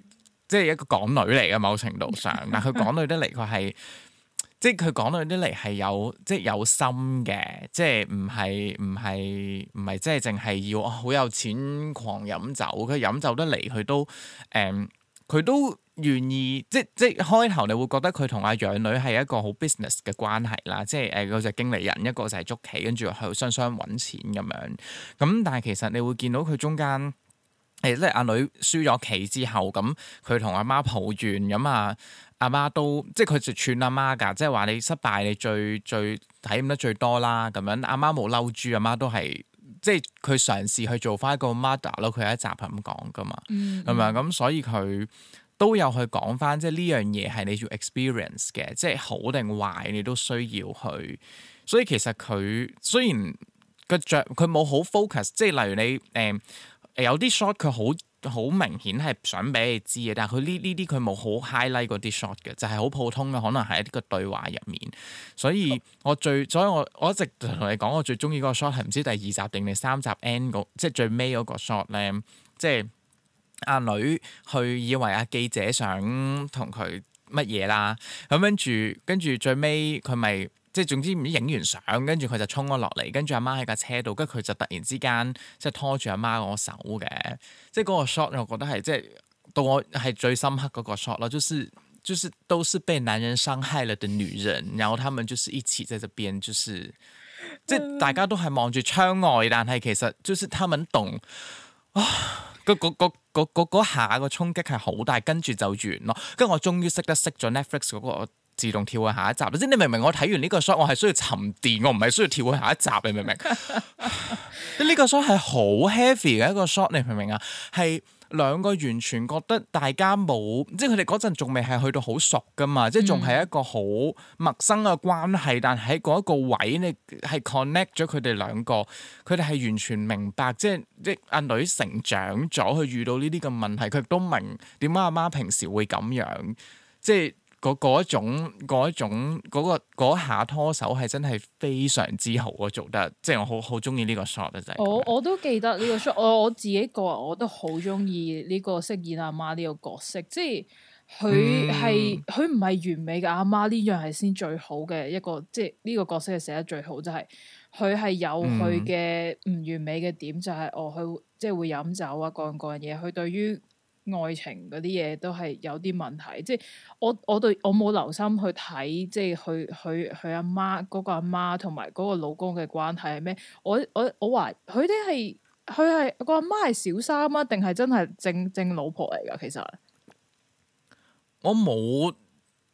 即係一個港女嚟嘅某程度上。但佢港女得嚟，佢係 即係佢港女得嚟係有，即係有心嘅，即係唔係唔係唔係即係淨係要好有錢狂飲酒。佢飲酒得嚟，佢都誒。佢都願意，即即開頭你會覺得佢同阿養女係一個好 business 嘅關係啦，即係誒嗰隻經理人一個就係捉棋，跟住去雙雙揾錢咁樣。咁但係其實你會見到佢中間，誒即係阿女輸咗棋之後，咁佢同阿媽抱怨，咁啊阿媽都即係佢就串阿媽噶，即係話你失敗你最最體驗得最多啦，咁樣阿媽冇嬲豬，阿媽，媽都係。即係佢嘗試去做翻一個 model 咯，佢有一集係咁講噶嘛，係咪？咁所以佢都有去講翻，即係呢樣嘢係你要 experience 嘅，即係好定壞，你都需要去。所以其實佢雖然個著佢冇好 focus，即係例如你誒、呃、有啲 shot 佢好。好明顯係想俾你知嘅，但係佢呢呢啲佢冇好 highlight 嗰啲 shot 嘅，就係好普通嘅，可能係一個對話入面。所以我最，所以我我一直同你講，我最中意嗰個 shot 係唔知第二集定定三集 end 嗰，即係最尾嗰個 shot 咧，即係阿女去以為阿記者想同佢乜嘢啦，咁跟住跟住最尾佢咪。即係總之唔知影完相，跟住佢就沖咗落嚟，跟住阿媽喺架車度，跟住佢就突然之間即係拖住阿媽我手嘅，即係嗰個 shot，我覺得係即係到我係最深刻嗰個 shot 咯，就是就是都是被男人傷害了的女人，然後他們就是一起在這邊，就是即係大家都係望住窗外，但係其實就是他們動啊，嗰嗰下個衝擊係好大，跟住就完咯，跟住我終於識得識咗 Netflix 嗰、那個。自動跳去下一集，即係你明唔明我？我睇完呢個 shot 我係需要沉澱，我唔係需要跳去下一集。你明唔明？呢 個 shot 係好 heavy 嘅一個 shot 你明唔明啊？係兩個完全覺得大家冇，即係佢哋嗰陣仲未係去到好熟噶嘛，即係仲係一個好陌生嘅關係。嗯、但喺嗰一個位，你係 connect 咗佢哋兩個，佢哋係完全明白，即係即係阿女成長咗，去遇到呢啲嘅問題，佢都明點解阿媽平時會咁樣，即係。嗰一種嗰一種嗰、嗰個嗰下拖手係真係非常之好，我做得即係我好好中意呢個 shot 就係、係、我、oh, 我都記得呢個 shot，我我自己個人我都好中意呢個飾演阿媽呢個角色，即係佢係佢唔係完美嘅阿媽呢樣係先最好嘅一個，即係呢個角色係寫得最好，就係佢係有佢嘅唔完美嘅點，mm. 就係我佢即係會飲酒啊，各樣各樣嘢，佢對於。愛情嗰啲嘢都係有啲問題，即係我我對我冇留心去睇，即係佢佢佢阿媽嗰個阿媽同埋嗰個老公嘅關係係咩？我我我話佢啲係佢係個阿媽係小三啊，定係真係正正老婆嚟噶？其實我冇，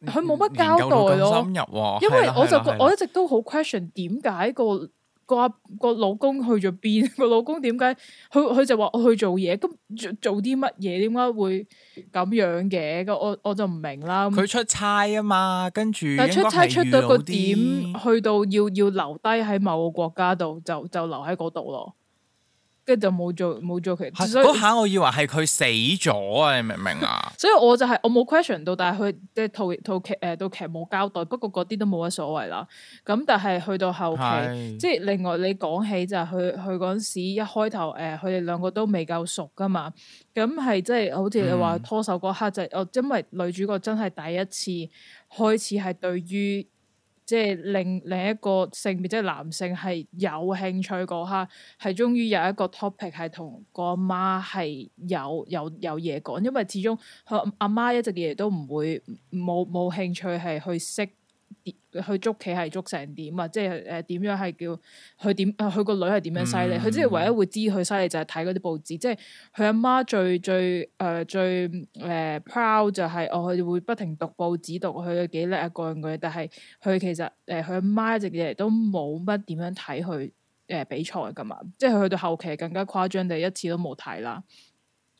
佢冇乜交代咯。深入啊，因為我就覺得我一直都好 question 點解嗰個。個個老公去咗邊？個老公點解？佢佢就話我去做嘢，咁做啲乜嘢？點解會咁樣嘅？個我我就唔明啦。佢出差啊嘛，跟住但係出差到出到個點，去到要要留低喺某個國家度，就就留喺嗰度咯。跟住就冇做冇做佢，嗰是以下我以為係佢死咗啊！你明唔明啊？ 所以我就係、是、我冇 question 到，但係佢即係套套劇誒套劇冇交代，不過嗰啲都冇乜所謂啦。咁但係去到後期，是即係另外你講起就係佢佢嗰陣時一開頭誒，佢哋兩個都未夠熟㗎嘛。咁係即係好似你話、嗯、拖手嗰刻就，因為女主角真係第一次開始係對於。即係另另一個性別，即係男性係有興趣嗰刻，係終於有一個 topic 係同個阿媽係有有有嘢講，因為始終佢阿媽,媽一直亦都唔會冇冇興趣係去識。去捉棋係捉成點啊！即係誒點樣係叫佢點？佢個女係點樣犀利？佢、嗯、即係唯一會知佢犀利就係睇嗰啲報紙。嗯嗯、即係佢阿媽最最誒、呃、最誒、呃、proud 就係哦佢會不停讀報紙，讀佢幾叻啊，各樣嘅。但係佢其實誒佢阿媽一直以嚟都冇乜點樣睇佢誒比賽㗎嘛。即係佢去到後期更加誇張，第一次都冇睇啦。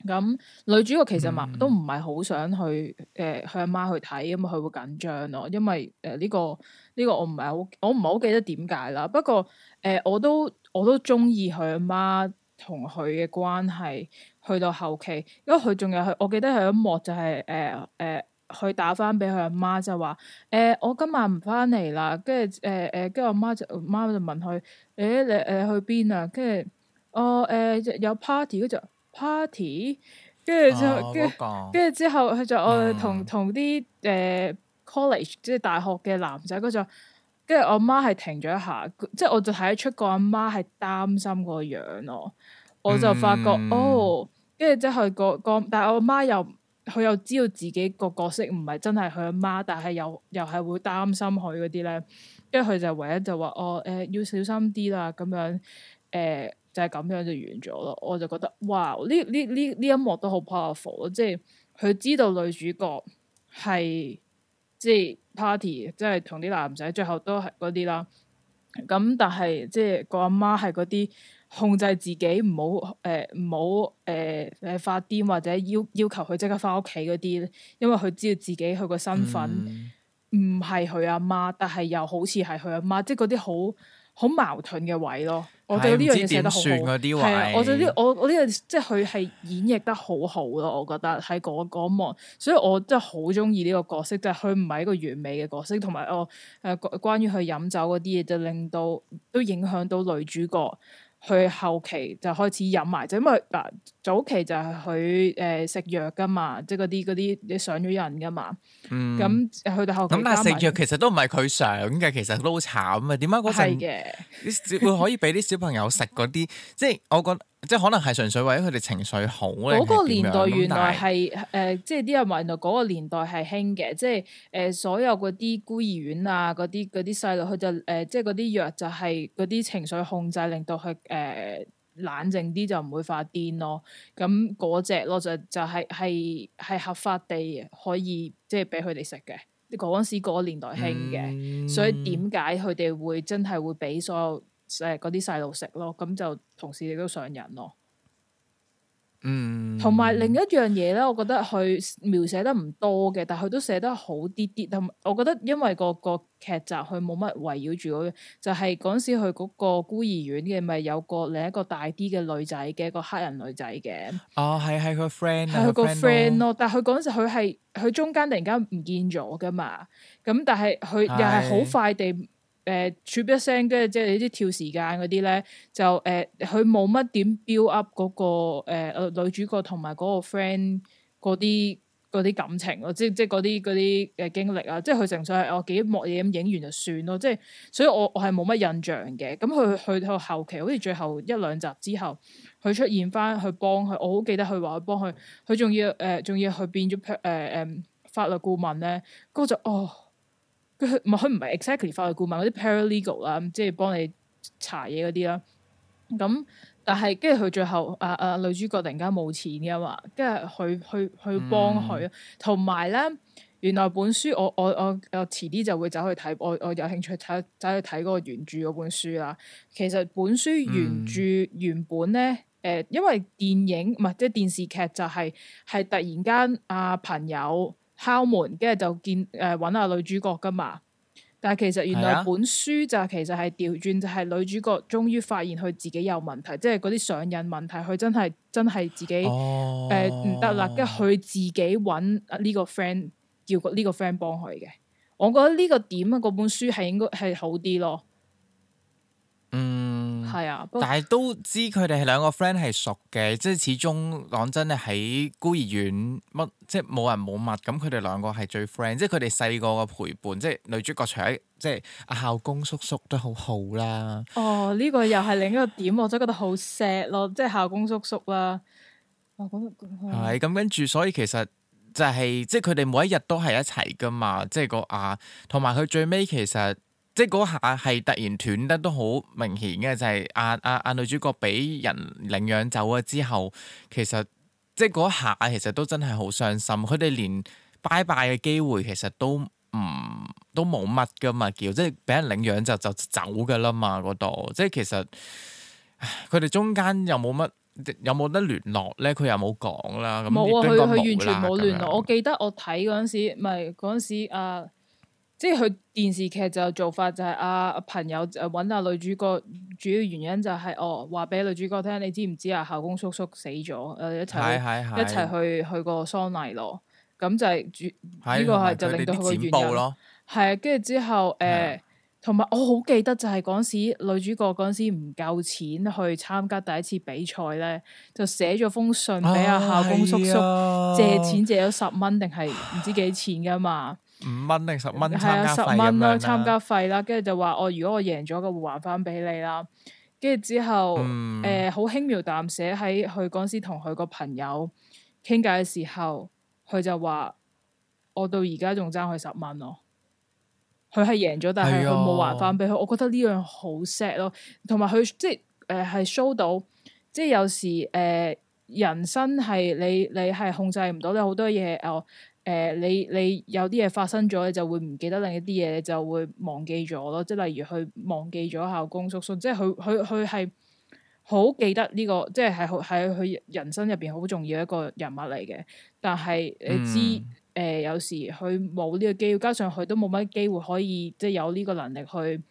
咁、嗯、女主角其實都唔係好想去誒佢阿媽去睇，因為佢會緊張咯，因為誒呢、呃呢個呢、呢個我唔係好我唔係好記得點解啦。不過誒、呃、我都我都中意佢阿媽同佢嘅關係去到後期，因為佢仲有我記得佢一幕就係誒誒佢打翻俾佢阿媽就話誒、呃、我今晚唔翻嚟啦，跟住誒誒跟住阿媽就阿媽就問佢誒、欸、你誒、呃、去邊啊？跟住我誒有 party 嗰陣。Party，跟住之後跟住之後，佢就我同同啲誒 college，即係大學嘅男仔，佢就跟住我媽係停咗一下，即係我就睇得出個阿媽係擔心個樣咯。我就發覺、mm hmm. 哦，跟住之後個、嗰個，但係我媽又佢又知道自己個角色唔係真係佢阿媽，但係又又係會擔心佢嗰啲咧。跟住佢就唯一就話哦，誒、呃、要小心啲啦，咁樣誒。呃就係咁樣就完咗咯，我就覺得哇！呢呢呢呢一幕都好 powerful，即係佢知道女主角係即係 party，即係同啲男仔最後都係嗰啲啦。咁但係即係個阿媽係嗰啲控制自己唔好誒唔好誒誒發癲或者要要求佢即刻返屋企嗰啲，因為佢知道自己佢個身份唔係佢阿媽，嗯、但係又好似係佢阿媽，即係嗰啲好好矛盾嘅位咯。我對呢樣嘢寫得好好，係啊！我對呢我我呢個即係佢係演繹得好好咯，我覺得喺嗰嗰幕，所以我真係好中意呢個角色，即係佢唔係一個完美嘅角色，同埋我誒關於佢飲酒嗰啲嘢就令到都影響到女主角佢後期就開始飲埋，就因為嗱。早期就係佢誒食藥噶嘛，即係嗰啲嗰啲上咗癮噶嘛。嗯，咁去到後期咁、嗯，但係食藥其實都唔係佢想嘅，其實都好慘啊！點解嗰陣？嘅是的， 會可以俾啲小朋友食嗰啲，即係我覺得，即係可能係純粹為咗佢哋情緒好。嗰個年代原來係誒是、呃，即係啲人話原來嗰個年代係興嘅，即係誒、呃、所有嗰啲孤兒院啊，嗰啲嗰啲細路，佢就誒、呃，即係嗰啲藥就係嗰啲情緒控制，令到佢誒。呃冷靜啲就唔會發癲咯，咁嗰隻咯就就係係係合法地可以即係俾佢哋食嘅，嗰陣時嗰個年代興嘅，嗯，所以點解佢哋會真係會俾所有誒嗰啲細路食咯？咁就同事亦都上癮咯。嗯，同埋另一樣嘢咧，我覺得佢描寫得唔多嘅，但佢都寫得好啲啲。同，我覺得因為、嗰個、嗰個劇集佢冇乜圍繞住嗰，就係、係、嗰時佢嗰個孤兒院嘅，咪有個另一個大啲嘅女仔嘅，一個黑人女仔嘅。哦，係係佢 friend，係佢個 friend 咯。但佢嗰陣時佢係佢中間突然間唔見咗噶嘛，咁但係佢又係好快地。誒 cheap 一聲，跟住、uh, 即係你啲跳時間嗰啲咧，就誒，佢冇乜點 build up 嗰、嗰個誒、呃、女主角同埋嗰個 friend 嗰啲嗰啲感情咯，即係即係嗰啲嗰啲誒經歷啊，即係佢純粹係哦幾幕嘢咁影完就算咯，即係所以我我係冇乜印象嘅。咁佢去到後期，好似最後一兩集之後，佢出現翻去幫佢，我好記得佢話去幫佢，佢仲要誒仲、呃、要去變咗誒誒法律顧問咧，嗰就哦。佢唔係，佢唔係 exactly 法律顧問嗰啲 paralegal 啦，par egal，即係幫你查嘢嗰啲啦。咁但係跟住佢最後啊啊、呃呃、女主角突然間冇錢嘅嘛，跟住去去去幫佢。同埋咧，原來本書我我我我遲啲就會走去睇，我我有興趣走走去睇嗰個原著嗰本書啦。其實本書原著原本咧，誒、嗯呃，因為電影唔係、呃、即係電視劇就係、是、係突然間啊朋友。敲門，跟住就見誒，搵、呃、下女主角㗎嘛。但係其實原來本書就其實係調轉，就係、是、女主角終於發現佢自己有問題，即係嗰啲上癮問題，佢真係真係自己誒唔得啦。跟住佢自己搵呢個 friend 叫個呢個 friend 幫佢嘅。我覺得呢個點啊，嗰本書係應該係好啲咯。嗯。係啊，但係都知佢哋係兩個 friend 係熟嘅，即係始終講真喺孤兒院乜，即係冇人冇物，咁佢哋兩個係最 friend，即係佢哋細個嘅陪伴，即係女主角除咗即係校工叔叔都好好啦。哦，呢個又係另一個點，我真覺得好 sad 咯，即係校工叔叔啦。係、哦、咁，跟住所以其實就係即係佢哋每一日都係一齊噶嘛即係個啊，同埋佢最尾其實。即係嗰下係突然斷得都好明顯嘅，就係阿阿阿女主角俾人領養走咗之後，其實即係嗰下其實都真係好傷心。佢哋連拜拜嘅機會其實都唔都冇乜㗎嘛，叫即係俾人領養就就走㗎啦嘛，嗰度即係其實佢哋中間又冇乜有冇得聯絡咧？佢又冇講啦。冇啊，佢佢完全冇聯絡。咁樣。我記得我睇嗰陣時，唔係嗰陣時阿。啊即係佢電視劇就做法就係啊，朋友誒搵下女主角，主要原因就係、是、哦話俾女主角聽，你知唔知啊校工叔叔死咗，誒一齊是一齊去是是去，去過桑、嗯這個喪禮咯，咁就係呢個係就令到佢原因係、呃、是啊，跟住之後誒，同埋我好記得就係嗰時女主角嗰時唔夠錢去參加第一次比賽咧，就寫咗封信俾阿校工叔叔、啊啊、借錢借咗十蚊定係唔知幾錢噶嘛。五蚊定十蚊係啊、嗯，十蚊咁樣啦，參加費啦，跟住、嗯、就話我、哦、如果我贏咗嘅會還翻俾你啦，跟住之後誒好、嗯呃、輕描淡寫喺佢嗰時同佢個朋友傾偈嘅時候，佢就話我到而家仲爭佢十蚊咯，佢係贏咗，但係佢冇還翻俾佢，我覺得呢樣好 sad 咯，同埋佢即係誒係 show 到，即係有時誒、呃、人生係你你係控制唔到，你好多嘢哦。誒、呃，你你有啲嘢發生咗，你就會唔記得另一啲嘢，你就會忘記咗咯。即係例如佢忘記咗校工叔叔，即係佢佢佢係好記得呢、這個，即係係係佢人生入邊好重要一個人物嚟嘅。但係你知誒、嗯呃，有時佢冇呢個機會，加上佢都冇乜機會可以即係、就是、有呢個能力去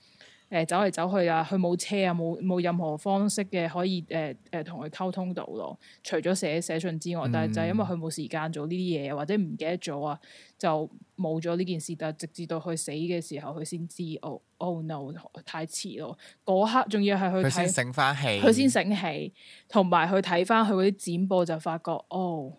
誒走嚟走去啊，佢冇車啊，冇冇任何方式嘅可以誒誒同佢溝通到咯。除咗寫寫信之外，但係就係因為佢冇時間做呢啲嘢，或者唔記得咗啊，就冇咗呢件事。但係直至到佢死嘅時候，佢先知哦、哦、oh, no，太遲咯。嗰刻仲要係去睇佢先醒翻氣，佢先醒氣，同埋去睇翻佢嗰啲剪報，播就發覺哦，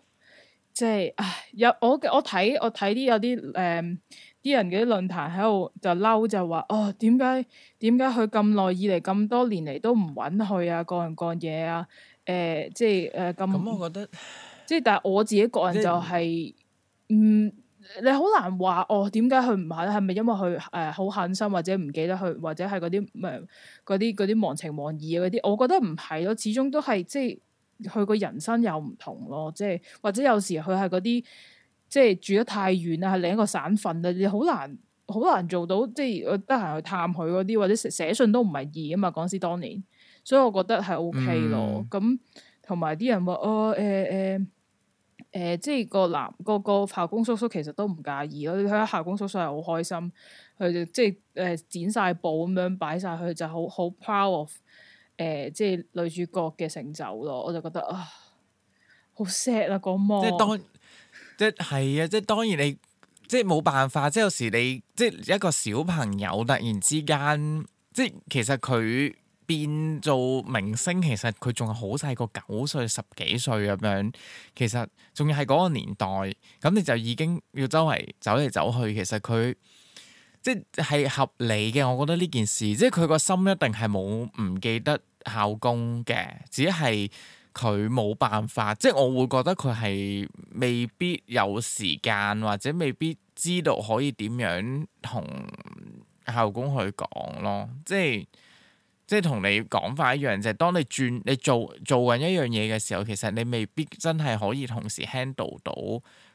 即、oh, 係、就係、唉我我我我些有我我睇我睇啲有啲誒。Um, 啲人嘅啲論壇喺度就嬲就話哦，點解，點解佢咁耐以嚟咁多年嚟都唔揾佢啊，各樣各樣嘢啊誒、呃、即係誒咁咁我覺得即係，但係我自己個人就係、是、即嗯，你好難話哦，點解佢唔肯，係咪因為佢誒好狠心或者唔記得佢或者係嗰啲咩嗰啲嗰啲忘情忘義嗰啲，我覺得唔係咯，始終都係即係佢個人生又唔同咯，即係或者有時佢係嗰啲。即係住得太遠啦，係另一個省份啦，你好難好難做到。即係我得閒去探佢嗰啲，或者寫信都唔係易啊嘛。嗰時當年，所以我覺得係 OK 咯。咁同埋啲人話哦，誒誒誒，即係個男嗰個,個校工叔叔其實都唔介意咯。你睇下校工叔叔係好開心，佢就即係誒、呃、剪晒布咁樣擺晒。佢，就好好 proud of 誒、呃，即係女主角嘅成就咯。我就覺得、呃、啊，好 sad 啊，嗰幕。即係當。即係啊，即係當然你即係冇辦法，即係有時你即係一個小朋友突然之間，即係其實佢變做明星，其實佢仲係好細個，九歲十幾歲咁樣，其實仲要係嗰個年代，咁你就已經要周圍走嚟走去。其實佢即係合理嘅，我覺得呢件事，即係佢個心一定係冇唔記得校工嘅，只係。佢冇辦法，即我會覺得佢係未必有時間，或者未必知道可以點樣同校工去講咯。即係即係同你講法一樣，就係當你轉你做做緊一樣嘢嘅時候，其實你未必真係可以同時 handle 到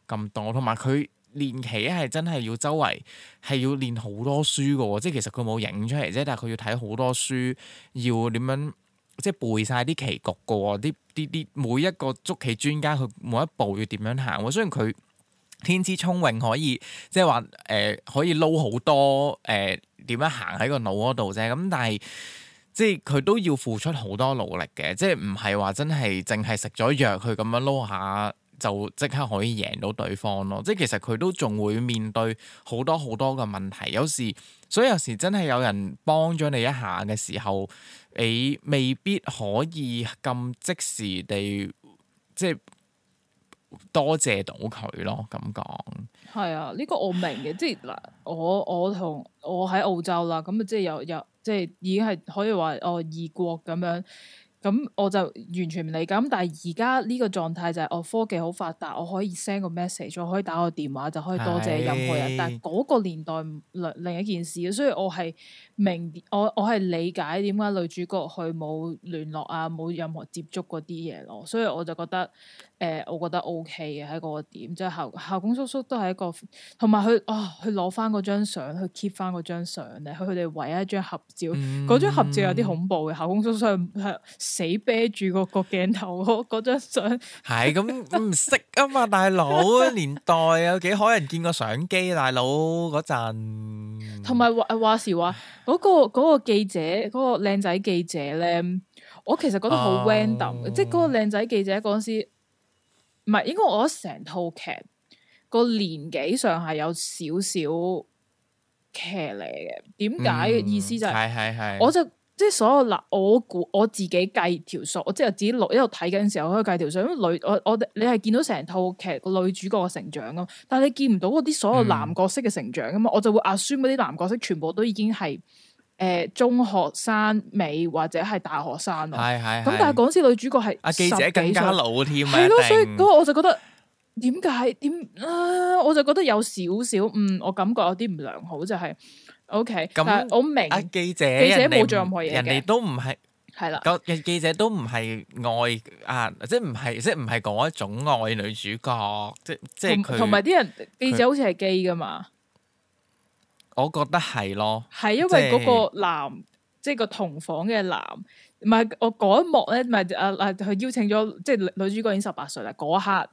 咁多。同埋佢練棋係真係要周圍係要練好多書嘅喎，即係其實佢冇影出嚟啫，但係佢要睇好多書，要點樣？即係背晒啲棋局噶喎，哦，啲啲啲每一個捉棋專家佢每一步要點樣行？雖然佢天資聰穎，呃，可以，呃、即係話誒，可以撈好多誒，點樣行喺個腦嗰度啫？咁但係即係佢都要付出好多努力嘅，即係唔係話真係淨係食咗藥去咁樣撈下。就即刻可以贏到對方咯，即係其實佢都仲會面對好多好多嘅問題，有時所以有時真係有人幫咗你一下嘅時候，你未必可以咁即時地即係多謝到佢咯，咁講。係啊，呢個我明嘅，即係嗱，我我同我喺澳洲啦，咁啊即係有有即係已經係可以話哦異國咁樣。咁我就完全唔理解，咁但係而家呢個狀態就係我科技好發達，我可以 send 個 message，我可以打個電話就可以多謝任何人。的但係嗰個年代另另一件事，所以我係明我我係理解點解女主角佢冇聯絡啊冇任何接觸嗰啲嘢咯，所以我就覺得。誒、呃，我覺得 O K 嘅，喺一個點，即係校校公叔叔都係一個，同埋佢啊，佢攞翻嗰張相，佢 keep 翻嗰張相咧，佢佢哋唯一一張合照，嗰、嗯、張合照有啲恐怖嘅，校公叔叔死啤住個個鏡頭嗰張相，係咁唔識啊嘛，大佬 年代有幾可人見過相機，大佬嗰陣，同埋話話時話嗰、嗰個嗰、嗰個、記者嗰、嗰個靚仔記者咧，我其實覺得好 random，即係嗰個靚仔記者嗰陣時。唔係，應該我覺得成套劇個年紀上係有少少斜嚟嘅。點解嘅意思就係、是是，我就即係所有男，我估我自己計條數，我即係自己錄一路睇嘅時候可以計條數。因為女，我我你係見到成套劇個女主角嘅成長嘛，但係你見唔到嗰啲所有男角色嘅成長啊嘛，嗯、我就會 assume 嗰啲男角色全部都已經係。誒，中學生美或者係大學生咯，係係咁，但係嗰時，女主角係阿記者更加老添，係咯，所以嗰個我就覺得點解點啊？我就覺得有少少，嗯，我感覺有啲唔良好，就係 OK，咁我明阿記者記者冇做任何嘢，人哋都唔係係啦，個記者都唔係愛啊，即係唔係，即係唔係嗰一種愛女主角，即即係同埋啲人記者好似係基㗎嘛。我覺得係咯，係因為嗰個男，即係個同房嘅男，唔係我嗰一幕咧，唔係啊啊，佢、呃、邀請咗即係女主角已經十八歲啦，嗰刻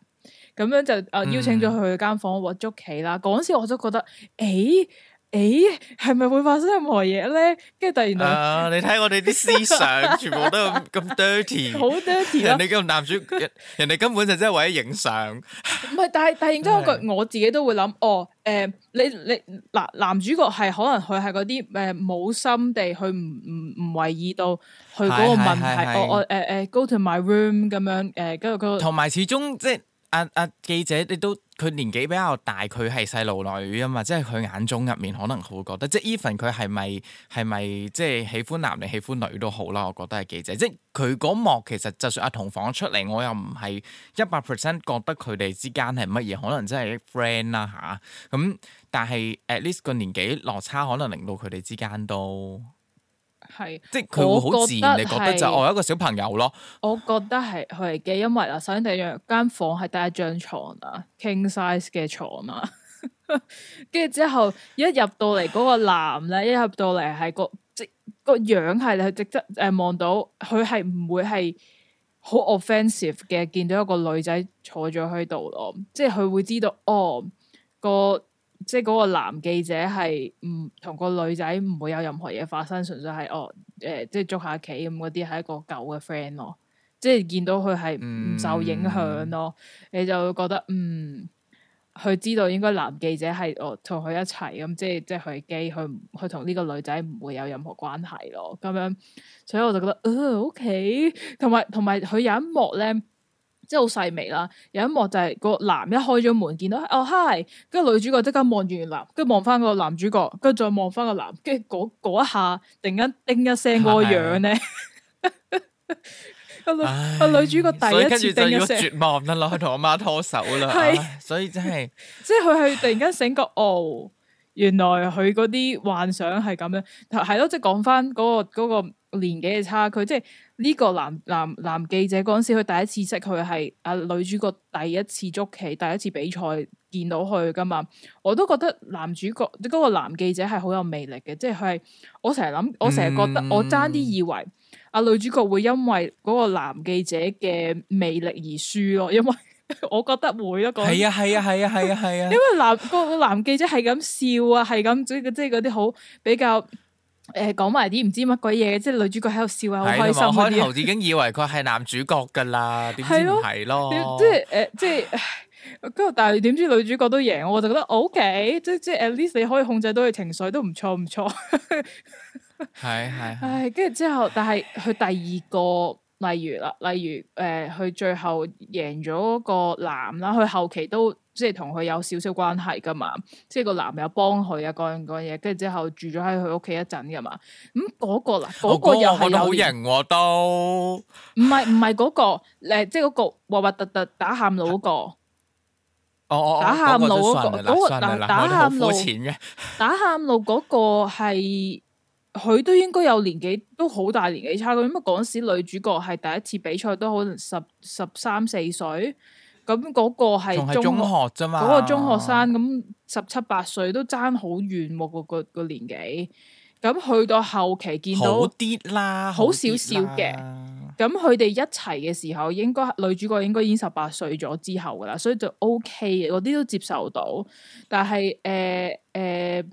咁樣就啊、呃嗯、邀請咗佢去間房玩捉棋啦，嗰時我都覺得誒。欸誒，係咪、欸、會發生任何嘢咧？跟住突然，啊！你睇我哋啲思想 全部都咁 dirty，好 dirty，啊。人哋個男主，人哋根本就真係為咗影相。唔 係，但係但係，認真我我自己都會諗，哦，誒、呃，你你男男主角係可能佢係嗰啲誒冇心地去唔唔唔為意到去嗰個問題。我我誒誒，go to my room 咁樣，誒、uh,，跟住佢同埋始終即。啊，阿記者，你都佢年紀比較大，佢係細路女啊嘛，即係佢眼中入面可能會覺得，即係 even 佢係咪係咪即係喜歡男定喜歡女都好啦，我覺得係記者，即係佢嗰幕其實就算阿同房出嚟，我又唔係一百 percent 覺得佢哋之間係乜嘢，可能真係 friend 啦吓，咁但係 at least 個年紀落差可能令到佢哋之間都。係是，即係佢會好自然你覺得,我覺得就我是、哦、一個小朋友咯。我覺得係佢嘅，因為啊，首先第一間房係第一張床啊，king size 嘅床啊。跟住之後一入到嚟嗰、那個男咧，一入到嚟係個即、那個樣係你即即誒，望、呃、到佢係唔會係好 offensive 嘅，見到一個女仔坐咗喺度咯。即係佢會知道哦、那個。即係嗰個男記者係唔同個女仔唔會有任何嘢發生，純粹係哦誒、呃，即係捉下棋咁嗰啲，係、嗯、一個舊嘅 friend 咯。即係見到佢係唔受影響咯，嗯、你就會覺得嗯，佢知道應該男記者係哦同佢一齊咁、嗯，即係即係佢係 gay，佢去同呢個女仔唔會有任何關係咯。咁樣，所以我就覺得誒、呃、，OK。同埋同埋佢有一幕咧。即係好細微啦，有一幕就係個男一開咗門，見到哦嗨，跟住女主角即刻望住男，跟住望翻個男主角，跟住再望翻個男，跟住嗰一下，突然間叮一聲嗰個樣咧，個、啊、 女主角第一次叮咗，聲，哎、絕望啦，攞去同我媽拖手啦，係 是、啊，所以真係，即係佢係突然間醒覺哦，原來佢嗰啲幻想係咁樣，係、嗯、咯，即係講翻嗰個個。嗰個嗰個年紀嘅差距，即係呢個男男男記者嗰陣時，佢第一次識佢係啊女主角第一次捉棋、第一次比賽見到佢噶嘛？我都覺得男主角嗰、嗰個男記者係好有魅力嘅，即係佢係我成日諗，我成日覺得、嗯、我爭啲以為啊女主角會因為嗰個男記者嘅魅力而輸咯，因為我覺得會咯。係啊係啊係啊係啊係啊！啊啊啊啊啊因為男、嗰個男記者係咁笑啊，係咁即係即係嗰啲好比較。誒，講埋啲唔知乜鬼嘢，即係女主角喺度笑啊，好的開心嗰啲。我開頭已經以為佢係男主角噶啦，點知唔係咯？即係誒，即係，跟、呃、住但係點知女主角都贏，我就覺得 O、okay, K，即即 at least 你可以控制到佢情緒，都唔錯唔錯。係 係。唉，跟住之後，但係佢第二個。例如啦，例如誒，佢、呃、最後贏咗個男啦，佢後期都即係同佢有少少關係噶嘛，即係個男有幫佢啊，各樣各樣嘢，跟住之後住咗喺佢屋企一陣噶嘛，咁、嗯、嗰、嗰個啦，嗰、嗰個嗰個又係好型喎都，唔係唔係嗰個即係嗰個核核突突打喊路嗰個，哦，打喊路嗰個嗱、呃呃呃，打喊路嗰、嗰個係。佢都應該有年紀，都好大年紀差咁。咁嗰陣時女主角係第一次比賽都可能十十三四歲，咁、那、嗰個係中，仲係中學啫嘛，嗰個中學生咁十七八歲都爭好遠喎，個、那個個年紀。咁去到後期見到好啲啦，好少少嘅。咁佢哋一齊嘅時候，應該女主角應該已經十八歲咗之後噶啦，所以就 O K 嘅，嗰啲都接受到。但係誒誒。呃呃呃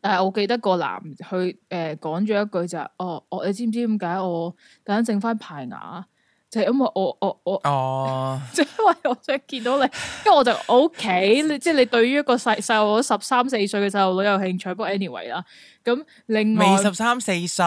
但係我記得個男佢誒講咗一句就係、是、哦哦你知唔知點解我等陣整返排牙就係、是、因為我我我哦，就因為我想見到你，因為我就 OK，即係你對於一個細細路十三四歲嘅細路女，女，女有興趣，不過 anyway 啦。咁另外未十三四歲，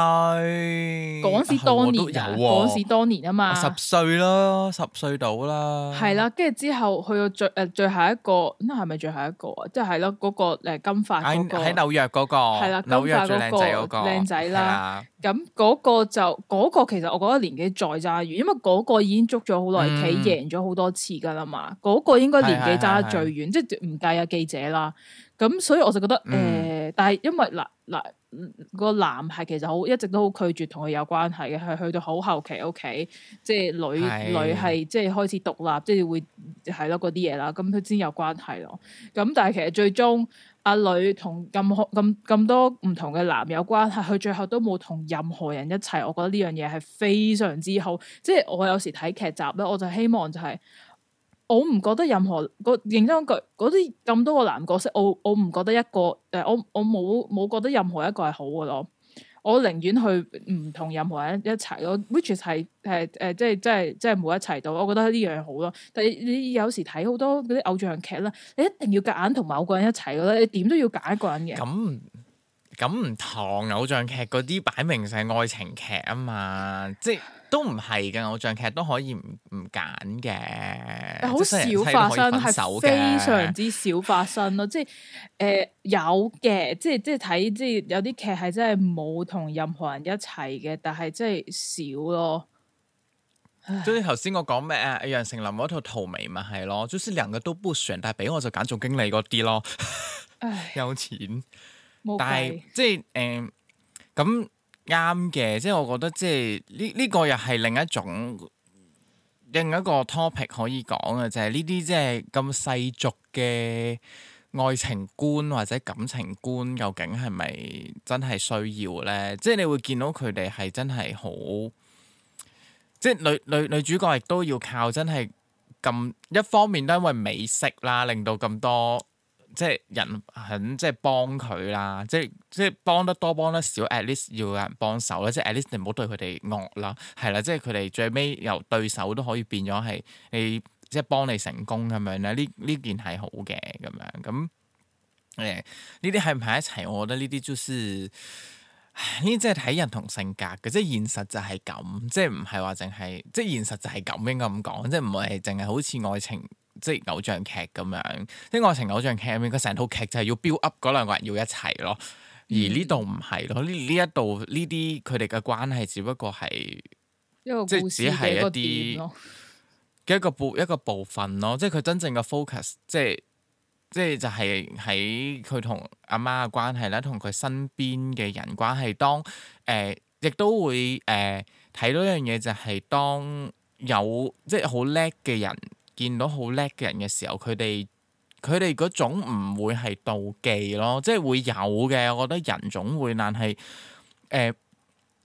講時當年，講時當年啊嘛，十歲咯，十歲到啦。係啦，跟住之後去到最誒、呃，最後一個，咁係咪最後一個啊？即係咯，嗰個誒金髮喺紐約嗰個，係啦、嗰個，紐約最嗰、嗰個靚仔啦。咁嗰的個就嗰、嗰個，其實我覺得年紀再揸遠，因為嗰個已經捉咗好耐，企贏咗好多次噶啦嘛。嗰、嗰個應該年紀揸得最遠，即係唔計啊記者啦。咁所以我就覺得，誒、嗯呃，但係因為嗱嗱個男係其實好一直都好拒絕同佢有關係嘅，係去到好後期屋企，即係女是 女係即係開始獨立，即係會係咯嗰啲嘢啦，咁佢先有關係咯。咁但係其實最終阿女同任咁咁多唔同嘅男有關係，佢最後都冇同任何人一齊。我覺得呢樣嘢係非常之好，即係我有時睇劇集咧，我就希望就係、是。我唔覺得任何嗰認真句嗰啲咁多個男角色，我我唔覺得一個誒，我我冇冇覺得任何一個係好嘅咯。我寧願去唔同任何人一齊咯，which is 係誒誒，即係即係即係冇一齊到。我覺得呢樣好咯。但係你有時睇好多嗰啲偶像劇啦，你一定要夾硬同某個人一齊嘅啦，你點都要揀一個人嘅。咁咁唔同偶像劇嗰啲擺明就係愛情劇啊嘛，即係。都唔係嘅，偶像劇都可以唔唔揀嘅，好少發生係非常之少發生咯、 呃，即係誒有嘅，即係即係睇，即係有啲劇係真係冇同任何人一齊嘅，但係即係少咯。即係頭先我講咩啊？楊丞琳嗰套荼蘼咪係咯，即係兩個都不選，但係俾我就揀做經理嗰啲咯，唉 有錢，但係即係誒咁。呃啱嘅，即係我覺得即係呢呢個又係另一種另一個 topic 可以講嘅，就係呢啲即係咁世俗嘅愛情觀或者感情觀，究竟係咪真係需要咧？即係你會見到佢哋係真係好，即係女女女主角亦都要靠真係咁一方面，都因為美色啦，令到咁多。即係人肯即係幫佢啦，即係即係幫得多幫得少，at least 要有人幫手咧，即係 at least 唔好對佢哋惡啦，係啦，即係佢哋最尾由對手都可以變咗係你即係幫你成功咁樣咧，呢呢件係好嘅咁樣，咁誒呢啲係唔係一齊？我覺得呢啲就是，呢啲即係睇人同性格嘅，即係現實就係咁，即係唔係話淨係即係現實就係咁應該咁講，即係唔係淨係好似愛情。即係偶像劇咁樣，即係愛情偶像劇入面，佢成套劇就係要 build up 嗰兩個人要一齊咯。而呢度唔係咯，呢呢一度呢啲佢哋嘅關係只不過係，故事，即係只係一啲，嘅一個部一,一,一個部分咯。即係佢真正嘅 focus，即係即係就係喺佢同阿媽嘅關係啦，同佢身邊嘅人關係。當誒亦、呃、都會誒睇、呃、到一樣嘢、就係，就係當有即係好叻嘅人。見到好叻嘅人嘅時候，佢哋佢哋嗰種唔會係妒忌咯，即係會有嘅。我覺得人總會，但係誒、呃、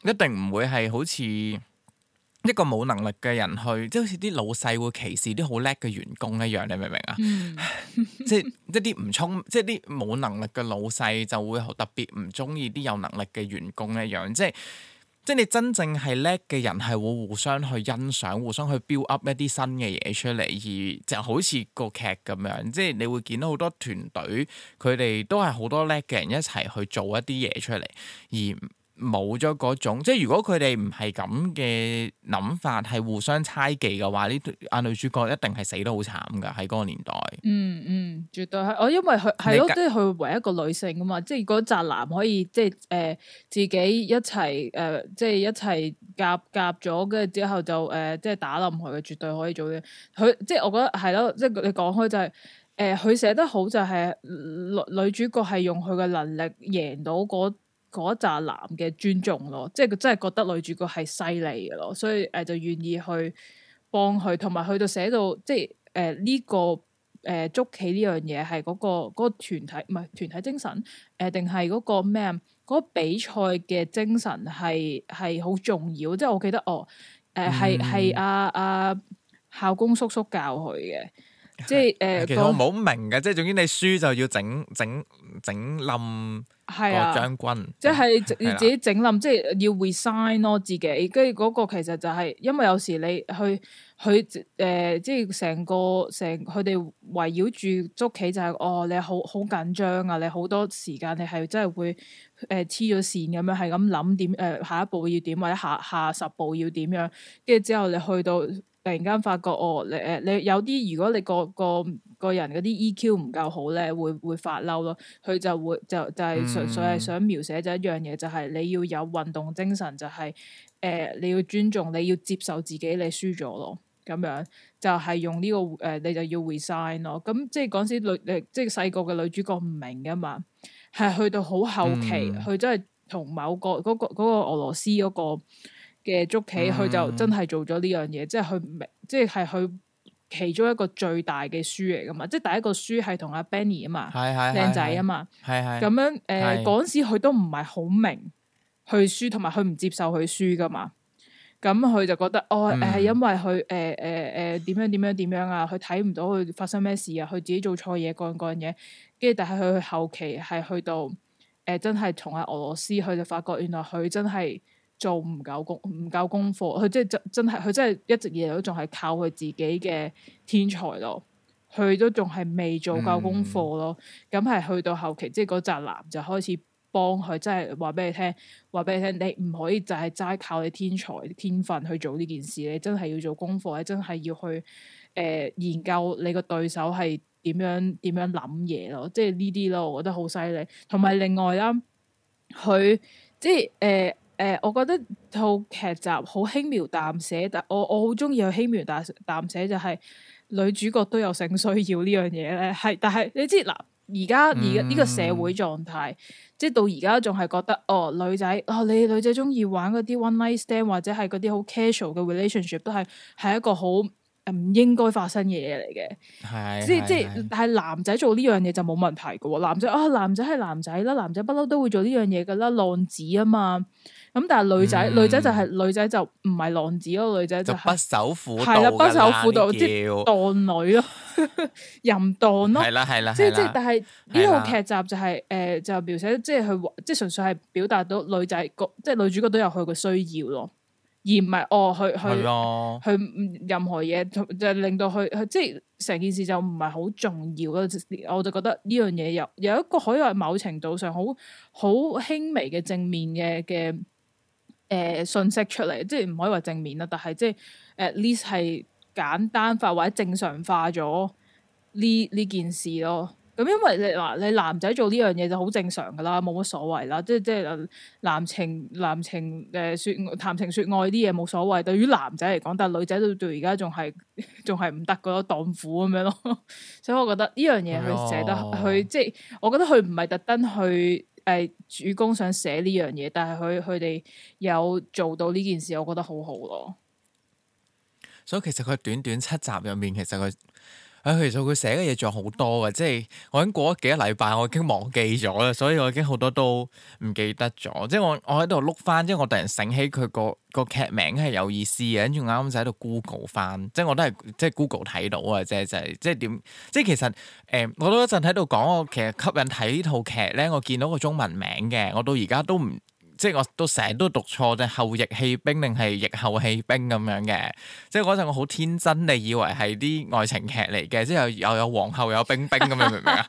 一定唔會係好似一個冇能力嘅人去，即係好似啲老細會歧視啲好叻嘅員工一樣。你明唔明啊？即係即係啲唔聰，即係啲冇能力嘅老細就會特別唔中意啲有能力嘅員工一樣，即係。即係你真正係叻嘅人，係會互相去欣賞，互相去 build up 一啲新嘅嘢出嚟，而就好似個劇咁樣，即係你會見到好多團隊，佢哋都係好多叻嘅人一齊去做一啲嘢出嚟，而……冇咗嗰種，即係如果佢哋唔係咁嘅諗法，係互相猜忌嘅話，呢對阿女主角一定係死得好慘噶，喺嗰個年代。嗯嗯，絕對係，我因為佢係咯，即係佢唯一一個女性啊嘛，即係如果宅男可以即係誒、呃、自己一齊誒、呃、即係一齊夾夾咗，跟住之後就誒、呃、即係打冧佢，佢，絕對可以做嘅。佢即係我覺得係咯，即係你講開就係、是、誒，佢、呃、寫得好就係、是呃、女主角係用佢嘅能力贏到嗰。嗰一紮男嘅尊重咯，即係佢真係覺得女主角係犀利嘅咯，所以誒就願意去幫佢，同埋去到寫到即係誒呢個誒捉棋呢樣嘢係嗰個嗰個團體唔係團體精神誒，定係嗰個咩啊？嗰個比賽嘅精神係係好重要，即係我記得哦，誒係係阿阿校工叔叔教佢嘅。即係誒，呃、其實我冇好明嘅，那即係總之你輸就要整整整冧個將軍，即係你自己整冧，嗯、即係要 resign 咯 自己，跟住嗰個其實就係、是、因為有時你去佢誒、呃，即係成個成佢哋圍繞住捉棋就係、是、哦，你好好緊張啊，你好多時間你係真係會誒黐咗線咁樣，係咁諗點誒下一步要點或者下下十步要點樣，跟住之後你去到。突然間發覺哦，誒誒、呃、你有啲如果你個個個人嗰啲 EQ 唔夠好咧，會會發嬲咯。佢就會就就係純粹係想描寫就一樣嘢，就係、是、你要有運動精神，就係、是、誒、呃、你要尊重，你要接受自己你輸咗咯。咁樣就係、是、用呢、這個誒、呃，你就要 resign 咯。咁即係嗰時女即係細個嘅女主角唔明㗎嘛，係去到好後期，佢、嗯、真係同某個嗰、那個嗰、那個那個俄羅斯嗰、那個。嘅捉棋，佢、嗯、就真係做咗呢樣嘢，即係佢唔明，即係佢其中一個最大嘅輸嚟噶嘛，即、就、係、是、第一個輸係同阿 Benny 啊嘛，係係靚仔啊嘛，係係咁樣，誒、呃、陣是時佢都唔係好明，去輸，同埋佢唔接受佢輸噶嘛，咁佢就覺得，哦，係因為佢，誒誒誒，點、呃呃、樣點樣點樣，樣啊，佢睇唔到佢發生咩事啊，佢自己做錯嘢嗰樣各樣嘢，跟住但係佢後期係去到，誒、呃、真係同阿俄羅斯，佢就發覺原來佢真係。做唔夠功唔夠功課，佢即係真真係佢真係一直以嚟都仲係靠佢自己嘅天才咯，佢都仲係未做夠功課咯，咁係、嗯、去到後期，即係嗰扎男就開始幫佢，即係話俾你聽，話俾你聽，你唔可以就係齋靠你天才天分去做呢件事，你真係要做功課，你真係要去誒、呃、研究你個對手係點樣點樣諗嘢咯，即係呢啲咯，我覺得好犀利。同埋另外啦，佢即係誒。呃誒，我覺得套劇集好輕描淡寫，但我我好中意佢輕描淡淡寫，就係、是、女主角都有性需要呢樣嘢咧。係，但係你知嗱，而家而家呢個社會狀態，嗯、即係到而家仲係覺得哦，女仔哦，你女仔中意玩嗰啲 one night stand 或者係嗰啲好 casual 嘅 relationship，都係係一個好唔、嗯、應該發生嘅嘢嚟嘅。係是，即係即係，但係男仔做呢樣嘢就冇問題嘅喎。男仔啊、哦，男仔係男仔啦，男仔不嬲都會做呢樣嘢噶啦，浪子啊嘛。咁但係女仔、嗯就是，女仔就係女仔就唔係浪子咯，女仔、就是、就不守婦道，係啦、啊，不守婦叫道，即係蕩女咯，淫蕩咯，係啦、啊，係啦，即係即係，但係呢套劇集就係誒，就描寫即係佢，即係純粹係表達到女仔個，即係女主角都有佢個需要咯，而唔係哦，去去去，任何嘢就令到佢即係成件事就唔係好重要咯，我就覺得呢樣嘢有有一個可以話係某程度上好好輕微嘅正面嘅嘅。誒信息出嚟，即係唔可以話正面啦，但係即係誒 at least 係簡單化或者正常化咗呢呢件事咯。咁因為你話你男仔做呢樣嘢就好正常噶啦，冇乜所謂啦。即係即係男情男情誒説談情説愛啲嘢冇所謂。對於男仔嚟講，但係女仔到到而家仲係仲係唔得噶咯，蕩婦咁樣咯。所以我覺得呢樣嘢佢寫得佢、哦、即係，我覺得佢唔係特登去。誒、哎，主公想寫呢樣嘢，但係佢佢哋有做到呢件事，我覺得好好咯。所以、so，其實佢短短七集入面，其實佢。唉、哎，其實佢寫嘅嘢仲好多嘅，即係我已經過咗幾個禮拜，我已經忘記咗啦，所以我已經好多都唔記得咗。即係我我喺度碌翻，即係我突然醒起佢個個劇名係有意思嘅，跟住我啱啱就喺度 Google 翻，即係我都係即係 Google 睇到啊！即係即係即係點？即係、就係、其實誒、呃，我都一陣喺度講我其實吸引睇呢套劇咧，我見到個中文名嘅，我到而家都唔。即係我都成日都讀錯，定後翼棄兵定係逆後棄兵咁樣嘅。即係嗰陣我好天真你以為係啲愛情劇嚟嘅，即係又有皇后，有兵兵咁樣明唔明啊？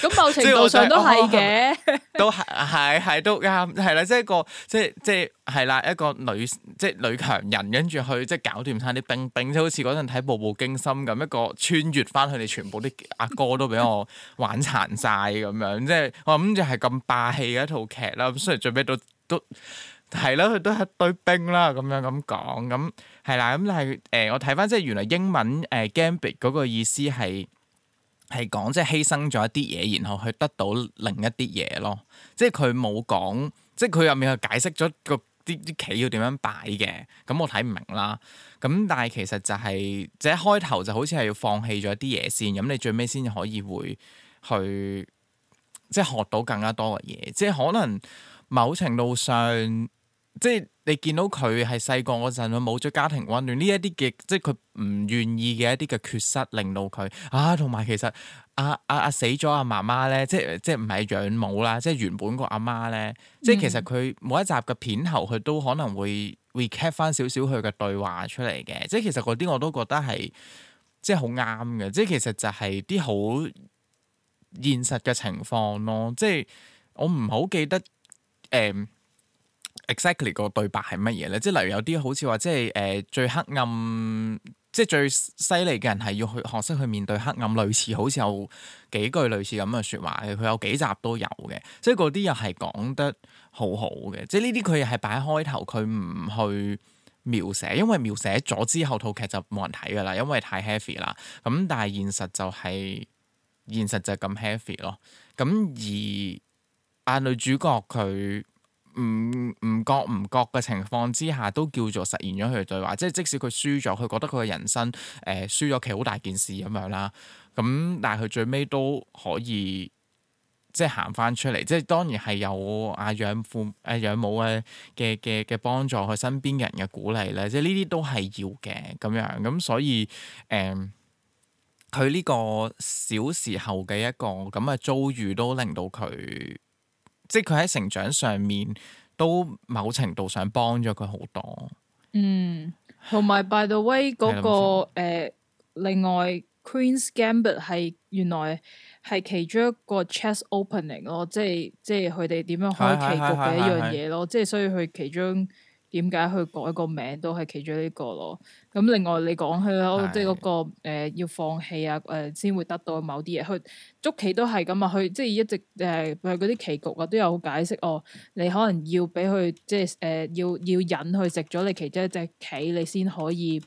咁某程度上都係嘅，都係係係都啱係啦。即係一個即係即係係啦，CO, uh, 一個女即係女強人，跟住去即係搞掂晒啲兵兵，即係好似嗰陣睇《步步驚心》咁一個穿越翻，佢哋全部啲阿哥都俾我玩殘晒咁樣。即係我諗住係咁霸氣嘅一套劇啦。咁所以最尾都。都係啦，佢都係堆兵啦。咁樣咁講咁係啦，咁但係誒。我睇翻即係原來英文誒、呃、gambit 嗰個意思係係講即係犧牲咗一啲嘢，然後去得到另一啲嘢咯。即係佢冇講，即係佢入面係解釋咗個啲啲棋要點樣擺嘅。咁我睇唔明啦。咁但係其實就係、是、即係一開頭就好似係要放棄咗一啲嘢先，咁你最尾先至可以會去即係學到更加多嘅嘢。即係可能。某程度上，即係你見到佢係細個嗰陣，佢冇咗家庭溫暖呢一啲嘅，即係佢唔願意嘅一啲嘅缺失，令到佢啊。同埋其實啊啊阿、啊、死咗阿媽媽咧，即係即係唔係養母啦，即係原本個阿媽咧，嗯、即係其實佢每一集嘅片頭佢都可能會 recap 翻少少佢嘅對話出嚟嘅。即係其實嗰啲我都覺得係即係好啱嘅，即係其實就係啲好現實嘅情況咯。即係我唔好記得。誒，um，exactly 個對白係乜嘢咧？即係例如有啲好似話，即係誒最黑暗，即係最犀利嘅人係要去學識去面對黑暗。類似好似有幾句類似咁嘅說話嘅，佢有幾集都有嘅。即係嗰啲又係講得好好嘅。即係呢啲佢係擺開頭，佢唔去描寫，因為描寫咗之後套劇就冇人睇噶啦，因為太 heavy 啦。咁但係現實就係，是，現實就係咁 heavy 咯。咁而。但女主角佢唔唔覺唔覺嘅情況之下，都叫做實現咗佢嘅對話，即係即使佢輸咗，佢覺得佢嘅人生誒、呃、輸咗其好大件事咁樣啦。咁但係佢最尾都可以即係行翻出嚟，即係當然係有啊養父誒、啊、養母嘅嘅嘅幫助，佢身邊嘅人嘅鼓勵咧，即係呢啲都係要嘅咁樣。咁、嗯、所以誒，佢、呃、呢個小時候嘅一個咁嘅遭遇，都令到佢。即係佢喺成長上面都某程度上幫咗佢好多。嗯，同埋 By the way 嗰個誒，呃、另外 Queen's Gambit 係原來係其中一個 chess opening 咯，即係即係佢哋點樣開棋局嘅一樣嘢咯，即係 所以佢其中。點解去改個名都係企住呢個咯？咁另外你講佢是即係、那、嗰個誒、呃、要放棄啊誒先、呃、會得到某啲嘢，佢捉棋都係咁啊！佢即係一直誒佢嗰啲棋局啊都有解釋哦。你可能要俾佢即係誒、呃、要要引佢食咗你其中一隻棋，你先可以誒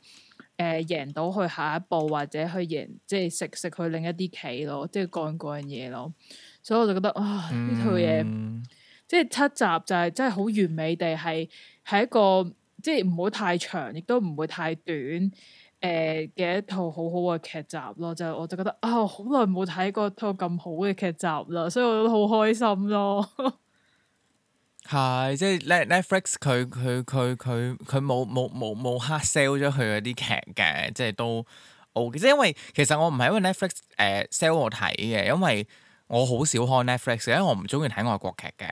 贏、呃、到去下一步或者去贏即係食食去另一啲棋咯，即係幹嗰樣嘢咯。所以我就覺得啊呢套嘢即係七集就係真係好完美地係。哦嗯嗯係一個即係唔好太長，亦都唔會太短，誒、呃、嘅一套好好嘅劇集咯。就我就覺得啊，哦、好耐冇睇過套咁好嘅劇集啦，所以我都好開心咯。係即係 Netflix 佢佢佢佢佢冇冇冇冇黑 sell 咗佢嗰啲劇嘅，即係都 O K。即係因為其實我唔係因為 Netflix 誒、呃、sell 我睇嘅，因為我好少看 Netflix，因為我唔中意睇外國劇嘅，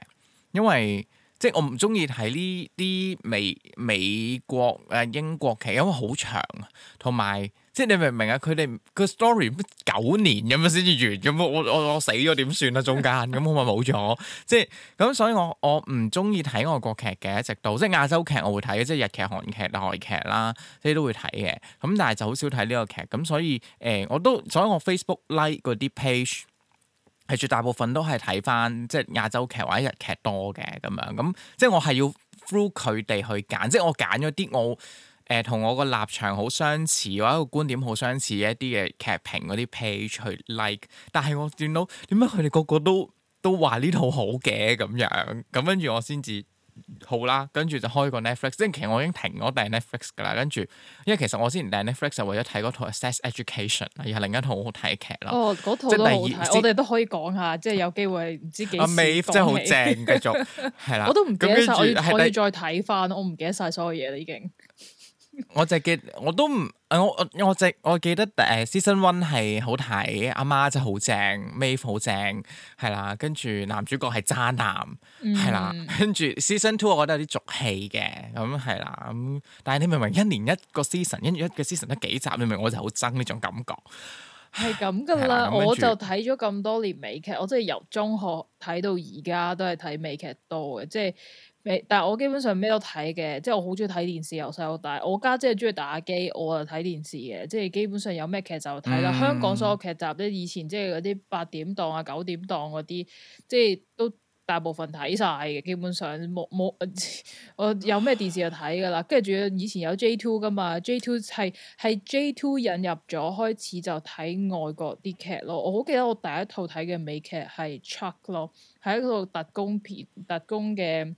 因為。因為即係我唔中意睇呢啲美美國誒英國劇，因為好長啊，同埋即係你明唔明啊？佢哋個 story 九年咁樣先至完，咁我我我死咗點算啊？中間咁好咪冇咗？即係咁所以我我唔中意睇外國劇嘅，直到即係亞洲劇我會睇嘅，即係日劇、韓劇、外劇啦，即係都會睇嘅。咁但係就好少睇呢個劇，咁所以誒、欸、我都所以我 Facebook like 嗰啲 page。係絕大部分都係睇返即係亞洲劇或者日劇多嘅咁樣，咁即係我係要 through 佢哋去揀，即係我揀咗啲我誒同、呃、我個立場好相似或者個觀點好相似嘅一啲嘅劇評嗰啲 page 去 like，但係我見到點解佢哋個個都都話呢套好嘅咁樣，咁跟住我先至。好啦，跟住就開個 Netflix，即係其實我已經停咗訂 Netflix 噶啦，跟住因為其實我之前訂 Netflix 係為咗睇嗰套 Assess Education，而係另一套好好睇嘅劇啦。哦，嗰套都好睇，是我哋都可以講下，即係有機會唔知幾時。未即係好正繼續，係 啦。我都唔記得晒，可以再睇翻。我唔的記得晒所有嘢啦，已經。 我就記得，我都唔，我我我就我記得誒，season one 係好睇，阿媽,媽就好正 Maeve 好正，係啦，跟住男主角係渣男，係啦，跟住、嗯、season two 我覺得有啲俗氣嘅，咁係啦，咁但係你明唔明一年一個 season，一月一個 season 得幾集，你明我就好憎呢種感覺，係咁噶啦，我就睇咗咁多年美劇，我真係由中學睇到而家都係睇美劇多嘅，即係。但係我基本上咩都睇嘅，即係我好中意睇電視。由細到大，我家姐中意打機，我啊睇電視嘅，即係基本上有咩劇集就睇啦。嗯、香港所有劇集咧，以前即係嗰啲八點檔啊、九點檔嗰啲，即係都大部分睇晒嘅。基本上冇冇， 我有咩電視就睇噶啦。跟住仲要以前有 J Two 噶嘛，J Two 係係 J Two 引入咗，開始就睇外國啲劇咯。我好記得我第一套睇嘅美劇係 Chuck 咯，係一個特工片、特工嘅。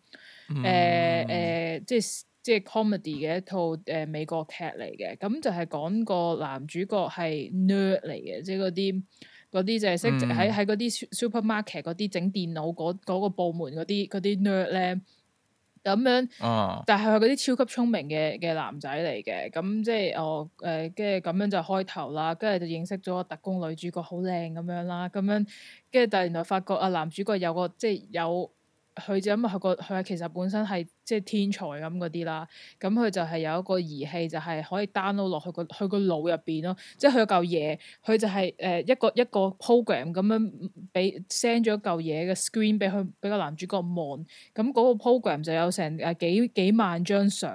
誒誒、嗯呃呃，即係即係 comedy 嘅一套誒、呃、美國劇嚟嘅，咁就係講個男主角係 nerd 嚟嘅，即係嗰啲嗰啲就係識喺喺嗰啲、嗯、supermarket 嗰啲整電腦嗰、嗰個部門嗰啲嗰啲 nerd 咧，咁樣，啊、但係佢嗰啲超級聰明嘅嘅男仔嚟嘅，咁即係我誒，跟住咁樣就開頭啦，跟住就認識咗個特工女主角好靚咁樣啦，咁樣跟住突然原來發覺啊男主角有個即係有。有佢就因為佢個佢其實本身係即係天才咁嗰啲啦，咁佢就係有一個儀器，就係可以 download 落去個佢個腦入邊咯。即係佢嚿嘢，佢就係誒一個一個 program 咁樣俾 send 咗嚿嘢嘅 screen 俾佢，俾個男主角望。咁、那、嗰個 program 就有成誒幾幾萬張相，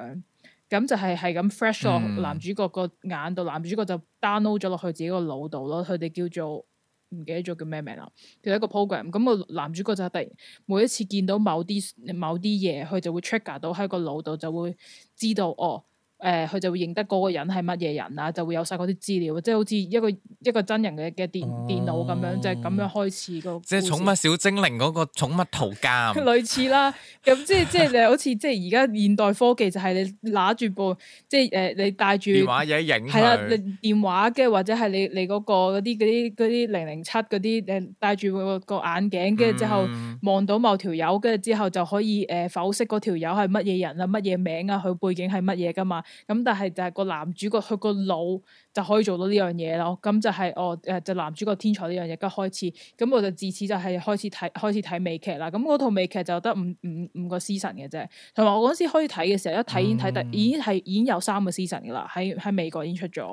咁就係係咁 fresh 落男主角個眼度，嗯、男主角就 download 咗落去自己個腦度咯。佢哋叫做。唔記得咗叫咩名啦，就係一個 program。咁個男主角就係突然每一次見到某啲某啲嘢，佢就會 check 㗎，到喺個腦度就會知道哦。誒，佢、呃、就會認得嗰個人係乜嘢人啊？就會有晒嗰啲資料，即係好似一個一個真人嘅嘅電電腦咁樣，就係咁樣開始個。即係寵物小精靈嗰個寵物圖鑑， 類似啦。咁、嗯、即係即係你好似即係而家現代科技，就係你拿住部，即係誒、呃，你帶住電話嘢影係啦，你電話嘅或者係你你嗰、嗰個嗰啲嗰啲啲零零七嗰啲戴住個眼鏡，跟住之後望到某條友，跟住、嗯、之後就可以誒，剖析嗰條友係乜嘢人啊，乜嘢名啊，佢背景係乜嘢噶嘛？咁但係就係個男主角，佢個腦。就可以做到呢樣嘢咯，咁就係哦誒就男主角天才呢樣嘢而開始，咁我就自此就係開始睇開始睇美劇啦，咁嗰套美劇就得五五五個 season 嘅啫，同埋我嗰時開始睇嘅時候，一睇已經睇得、嗯、已經係已經有三個 season 噶啦，喺喺美國已經出咗。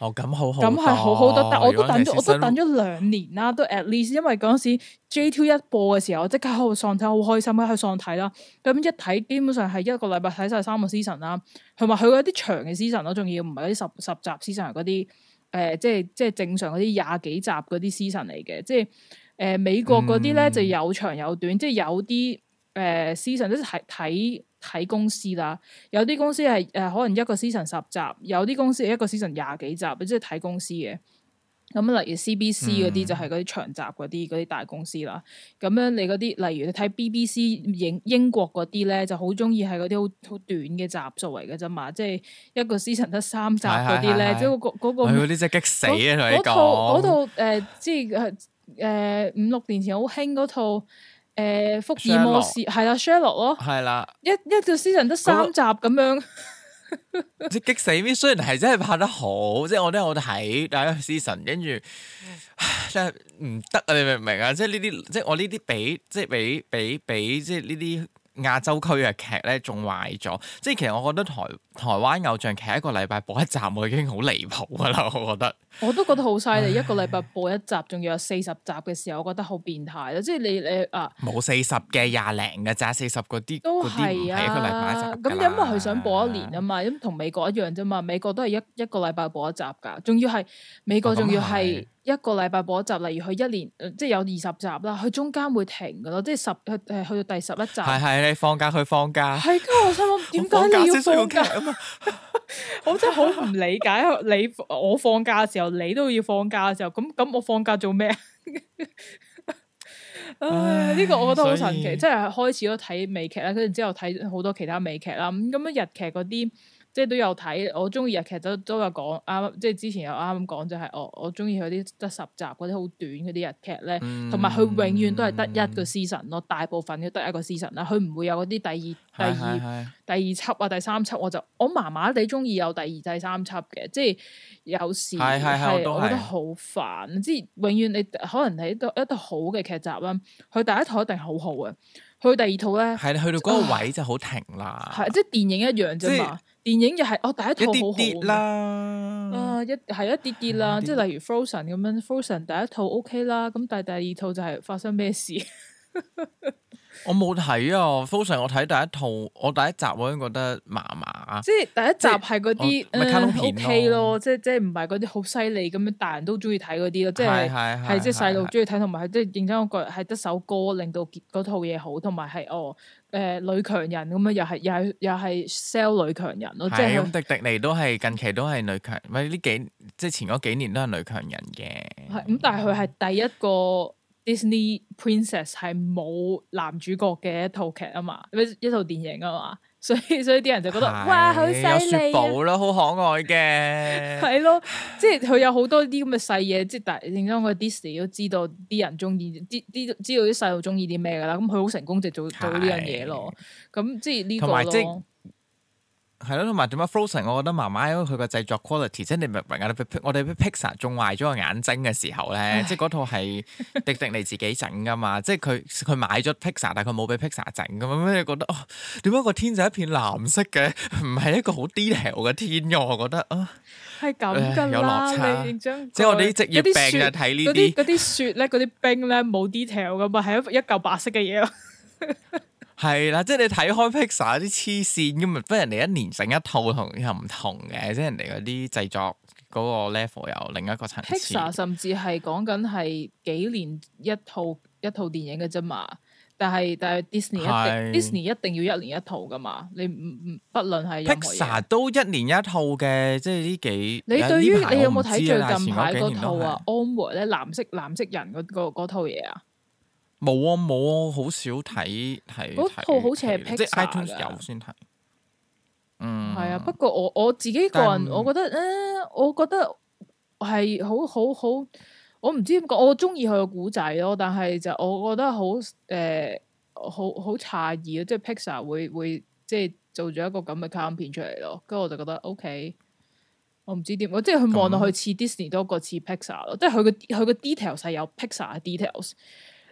哦，咁好好，咁係好好多，好多但我都等咗我都等咗兩年啦，都 at least，因為嗰陣時 J Two 一播嘅時候，即刻喺度上睇，好開心啦，喺度上睇啦，咁一睇基本上係一個禮拜睇晒三個 season 啦，同埋佢嗰啲長嘅 season 咯，仲要唔係嗰啲十十集 season 嗰啲。啲誒、呃，即係即係正常嗰啲廿幾集嗰啲 season 嚟嘅，即係誒、呃、美國嗰啲咧就有長有短，嗯、即係有啲誒、呃、season 都睇睇睇公司啦，有啲公司係誒、呃、可能一個 season 十集，有啲公司係一個 season 廿幾集，即係睇公司嘅。咁例如 CBC 嗰啲就係嗰啲長集嗰啲嗰啲大公司啦。咁樣、嗯、你嗰啲例如你睇 BBC 英英國嗰啲咧，就好鍾意係嗰啲好好短嘅集數嚟嘅啫嘛。即係一個 season 得三集嗰啲咧，即係嗰嗰個嗰啲激死啊！同你嗰套嗰套誒，即係誒五六年前好興嗰套誒、呃、福爾摩斯係啊 Sherlock 咯，係對啦一，一一個 season 得三集咁樣。那個 即激死咩？雖然係真係拍得好，即係我都有睇，但係 season 跟住即係唔得啊！你明唔明啊？即係呢啲，即係我呢啲比，即係比比比，即係呢啲亞洲區嘅劇咧，仲壞咗。即係其實我覺得台。台灣偶像劇，一個禮拜播一集我已經好離譜噶啦，我覺得我都覺得好犀利， 一個禮拜播一集，仲要有四十集嘅時候，我覺得好變態咯。即係你你啊，冇四十嘅廿零嘅咋，四十嗰啲都係、啊、一個禮拜播一集，咁因為佢想播一年啊嘛，咁同美國一樣啫嘛。美國都係一一個禮拜播一集噶，仲要係美國仲要係一個禮拜播一集。例如佢一年即係有二十集啦，佢中間會停噶咯，即係十去，去到第十一集。係係你放假佢放假，係咁我心諗，點解你要放假？ 我真係好唔理解 你，我放假嘅時候你都要放假嘅時候，咁咁我放假做咩？ 唉，呢個我覺得好神奇，即係開始都睇美劇啦，跟住之後睇好多其他美劇啦，咁咁樣日劇嗰啲。即係都有睇，我中意日劇都都有講啱、啊，即係之前有啱啱講就係、是、我我中意佢啲得十集嗰啲好短嗰啲日劇咧，同埋佢永遠都係得一個 season 咯、嗯，大部分都得一個 season 啦，佢唔會有嗰啲第二第二是是是是第二輯啊第三輯，我就我麻麻地中意有第二第三輯嘅，即係有時係係我覺得好煩，即係永遠你可能係一套一套好嘅劇集啦，佢第一套一定好好嘅，佢第二套咧係啦，去到嗰個位就好停啦，係即係電影一樣啫嘛。電影又係，我、哦、第一套好好。一啲啲啦，啊一係一啲啲啦，啲啲即係例如 Frozen 咁樣，Frozen 第一套 OK 啦，咁但係第二套就係發生咩事？ 我冇睇啊，Frozen 我睇第一套，我第一集我都覺得麻麻。即係第一集係嗰啲卡通片咯，即係即係唔係嗰啲好犀利咁樣，大人都中意睇嗰啲咯，即係係即係細路中意睇，同埋即係認真我覺得係得首歌令到嗰套嘢好，同埋係哦誒女強人咁樣，又係又係又係 sell 女強人咯。係咁，迪迪尼都係近期都係女強，唔係呢幾即係前嗰幾年都係女強人嘅。係咁，但係佢係第一個。Disney Princess 係冇男主角嘅一套劇啊嘛，一套電影啊嘛，所以所以啲人就覺得是哇好犀利，有雪寶咯，好可愛嘅，係 咯，即係佢有好多啲咁嘅細嘢，即係大。係令到我 Disney 都知道啲人中意，啲知道啲細路中意啲咩噶啦，咁佢好成功就做做呢樣嘢咯，咁是即係呢個咯。係咯，同埋點解 Frozen？我覺得麻麻，因為佢個製作 quality，即係你明唔明我哋俾 Pixar 中種壞咗個眼睛嘅時候咧，唉即係嗰套係迪迪尼自己整噶嘛， 即係佢佢買咗 Pixar 但係佢冇俾 Pixar 整咁樣，你覺得哦，點解個天就一片藍色嘅，唔 係一個好 detail 嘅天啊？我覺得啊，係咁有落差，即係我哋啲職業病啊！睇呢啲嗰啲雪咧，嗰啲冰咧冇 detail 噶嘛，係一一嚿白色嘅嘢咯。 係啦，即係你睇開 Pixar 啲黐線咁咪不過人哋一年整一套又同又唔同嘅，即係人哋嗰啲製作嗰個 level 有另一個層次。Pixar 甚至係講緊係幾年一套一套電影嘅啫嘛，但係但係 Disney 一定是 Disney 一定要一年一套噶嘛，你唔唔不論係。Pixar 都一年一套嘅，即係呢幾你對於近你有冇睇最近排嗰套啊《Onward》咧藍色藍色人嗰套嘢啊？冇啊冇啊，啊少好少睇睇嗰套，好似係 Pixar 有先睇，嗯，係啊。不過我我自己個人我覺得但、呃，我覺得誒，我覺得係好好好，我唔知點講。我中意佢嘅古仔咯，但係就我覺得好誒，好好詫異啊！即係 Pixar 會會即係做咗一個咁嘅卡通片出嚟咯，跟住我就覺得 OK。Okay, 我唔知點，即係佢望落去似 Disney 多過似 Pixar 咯樣，即係佢個佢個 details 係有 Pixar 嘅 details。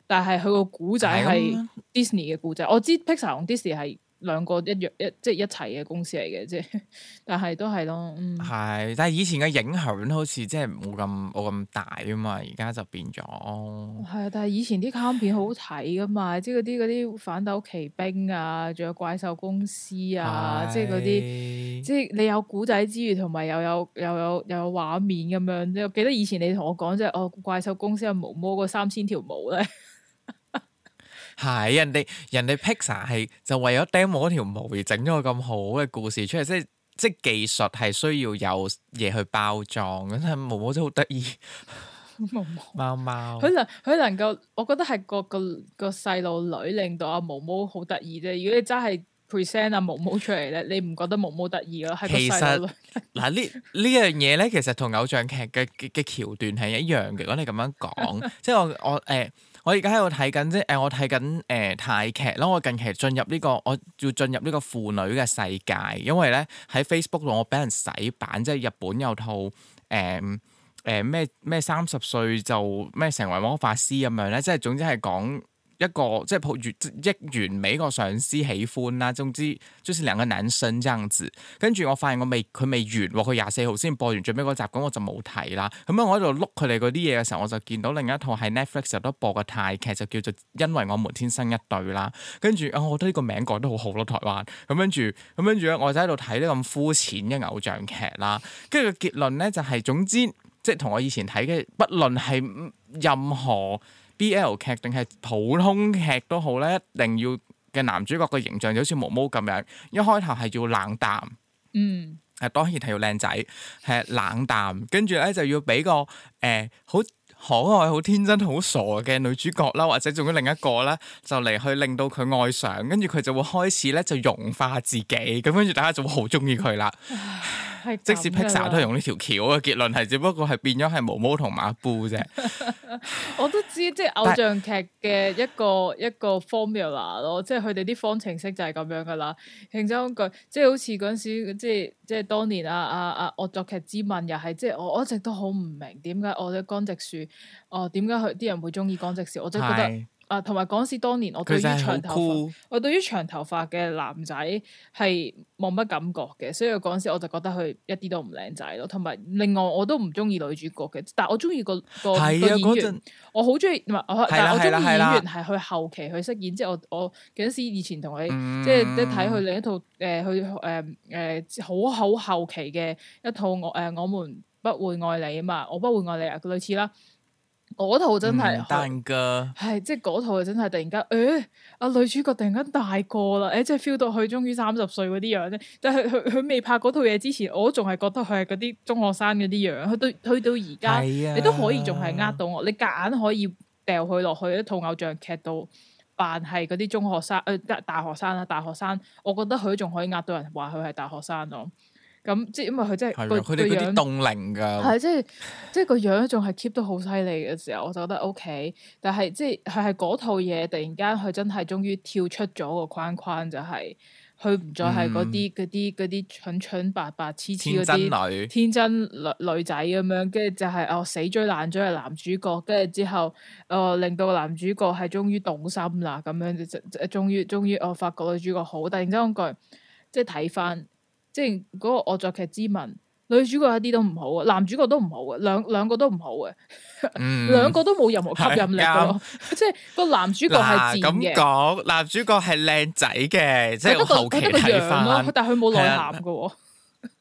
但係佢個故仔係 Disney 嘅故仔，我知 Pixar 同 Disney 係兩個一樣一即係一齊嘅公司嚟嘅啫，但係都係咯。係，但係以前嘅影響好似即係冇咁冇咁大啊嘛，而家就變咗。係啊，但係以前啲卡通片好睇㗎嘛，即係嗰啲啲反斗奇兵啊，仲有怪獸公司啊，是即係嗰啲即係你有故仔之餘，同埋又有又有又有畫面咁樣。即係記得以前你同我講即係哦，怪獸公司有毛毛過三千條毛咧。 係人哋人哋 Pixar 係就為咗 demo 嗰條毛而整咗個咁好嘅故事出嚟，即係即係技術係需要有嘢去包裝嘅，真係毛毛真好得意。毛毛貓貓，佢毛 貓能佢能夠，我覺得係個個個細路女令到阿毛毛好得意啫。如果你真係 present 阿毛毛出嚟咧，你唔覺得毛毛得意咯？其實嗱呢呢樣嘢咧，其實同偶像劇嘅嘅橋段係一樣嘅。如果你咁樣講， 即係我我誒。呃我而家喺度睇緊，即誒我睇緊誒泰劇啦。我近期進入呢個，我要進入呢個婦女嘅世界，因為咧喺 Facebook 度我俾人洗版，即係日本有套誒誒咩咩三十歲就咩成為魔法師咁樣咧，即係總之係講。一個即係抱即一完美個上司喜歡啦，總之就是兩個男生這樣子。跟住我發現我未佢未完，佢廿四號先播完最尾嗰集，咁我就冇睇啦。咁樣我喺度碌佢哋嗰啲嘢嘅時候，我就見到另一套係 Netflix 又都播嘅泰劇，就叫做《因為我們天生一對》啦。跟住啊，我覺得呢個名改得好好、啊、咯，台灣。咁跟住，咁跟住咧，我就喺度睇呢咁膚淺嘅偶像劇啦。跟住結論咧，就係、是、總之，即係同我以前睇嘅，不論係任何。BL 劇定係普通劇都好咧，一定要嘅男主角嘅形象就好似毛毛咁樣，一開頭係要冷淡，嗯，係當然係要靚仔，係冷淡，跟住咧就要俾個誒好、呃、可愛、好天真、好傻嘅女主角啦，或者仲有另一個咧，就嚟去令到佢愛上，跟住佢就會開始咧就融化自己咁，跟住大家就會好中意佢啦。即使 Pixar 都係用呢條橋嘅結論，係只不過係變咗係毛毛同馬布啫。 我都知，即係偶像劇嘅一個是一個 formula 咯，即係佢哋啲方程式就係咁樣噶啦。慶周句，即係好似嗰陣時，即係即係當年啊啊啊！惡、啊、作劇之吻又係，即係我我一直都好唔明，點解我啲江直樹，哦，點解佢啲人會中意江直樹？我真係覺得。啊，同埋嗰時當年我對於長頭髮，我對於長頭髮嘅男仔係冇乜感覺嘅，所以嗰時我就覺得佢一啲都唔靚仔咯。同埋另外我都唔中意女主角嘅，但我中意、那個、啊、個演員，時我好中意。唔係，啊、但我中意演員係去後期去飾演。即係、啊啊、我我嗰陣時以前同佢，即係一睇佢另一套誒，佢誒誒好好後期嘅一套我誒、呃、我們不會愛你啊嘛，我不會愛你啊，佢類似啦。嗰套真係，係即係嗰套真係突然間，誒、欸，阿女主角突然間大個啦，誒、欸，即係 feel 到佢終於三十歲嗰啲樣咧。但係佢佢未拍嗰套嘢之前，我仲係覺得佢係嗰啲中學生嗰啲樣。佢到去到而家，啊、你都可以仲係呃到我。你夾硬可以掉佢落去一套偶像劇度扮係嗰啲中學生誒大、呃、大學生啊！大學生，我覺得佢仲可以呃到人話佢係大學生咯、啊。咁即係，因為佢真係佢佢啲凍齡噶，係即係即係個樣仲係 keep 得好犀利嘅時候，我就覺得 OK。但係即係佢係嗰套嘢突然間佢真係終於跳出咗個框框，就係佢唔再係嗰啲嗰啲嗰啲蠢蠢白白痴痴嗰啲天真女天真女仔咁樣，跟住就係、是、哦死追爛追係男主角，跟住之後哦令到個男主角係終於動心啦，咁樣就就終於終於我發覺女主角好，突然之間嗰句即係睇返。即係嗰，那個《惡作劇之吻》，女主角一啲都唔好啊，男主角都唔好啊，兩兩個都唔好嘅，兩、 嗯、個都冇任何吸引力、嗯、 即係個男主角係賤嘅。咁講，啊，男主角係靚仔嘅，即係即後期睇翻，但係佢冇內涵嘅。的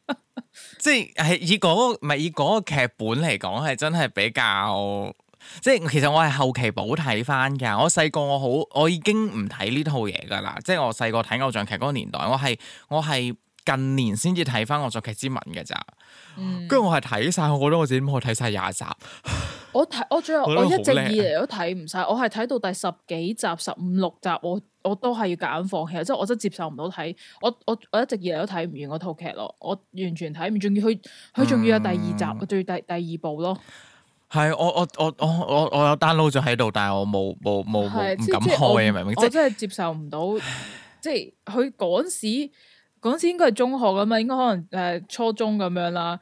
即係係以嗰，那個唔係以個劇本嚟講，係真係比較，即係其實我係後期補睇翻嘅。我細個我好，我已經唔睇呢套嘢噶啦。即係我細個睇偶像劇嗰個年代，我係我係。我近年先至睇翻《惡作劇之吻》嘅咋，跟住我係睇晒，我覺得我自己冇睇晒廿集。 我睇我最後我，我一直以嚟都睇唔晒，我係睇到第十幾集、十五六集，我我都係要夾硬放棄，即係我真接受唔到睇。我我我一直以嚟都睇唔完嗰套劇咯，我完全睇唔鍾意佢，佢仲要有第二集，仲要第第二部咯。係我我我我我我有 download 咗喺度，但係我冇冇冇冇唔敢開啊！即我明唔明？我真係接受唔到， 即係佢嗰陣時。嗰時應該係中學咁嘛，應該可能誒、呃、初中咁樣啦。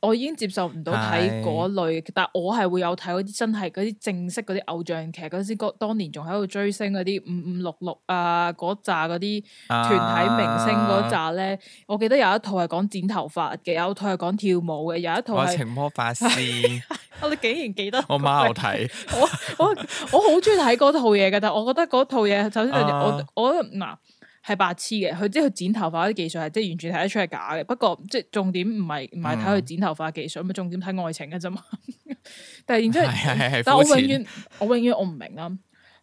我已經接受唔到睇嗰類，是但我係會有睇嗰啲真係嗰啲正式嗰啲偶像劇。嗰時嗰當年仲喺度追星嗰啲五五六六啊，嗰扎嗰啲團體明星嗰紮咧。啊、我記得有一套係講剪頭髮嘅，有一套係講跳舞嘅，有一套係情魔法師。 我哋竟然記得我媽有睇我 我我好鍾意睇嗰套嘢嘅，但係我覺得嗰套嘢首先、啊、我我嗱。我係白痴嘅，佢即係佢剪頭髮啲技術係即係完全睇得出係假嘅。不過即係重點唔係唔係睇佢剪頭髮技術，咁啊、嗯、重點睇愛情嘅啫嘛。但 係然之間後，是是是是但我永遠淺我永遠我唔明啊。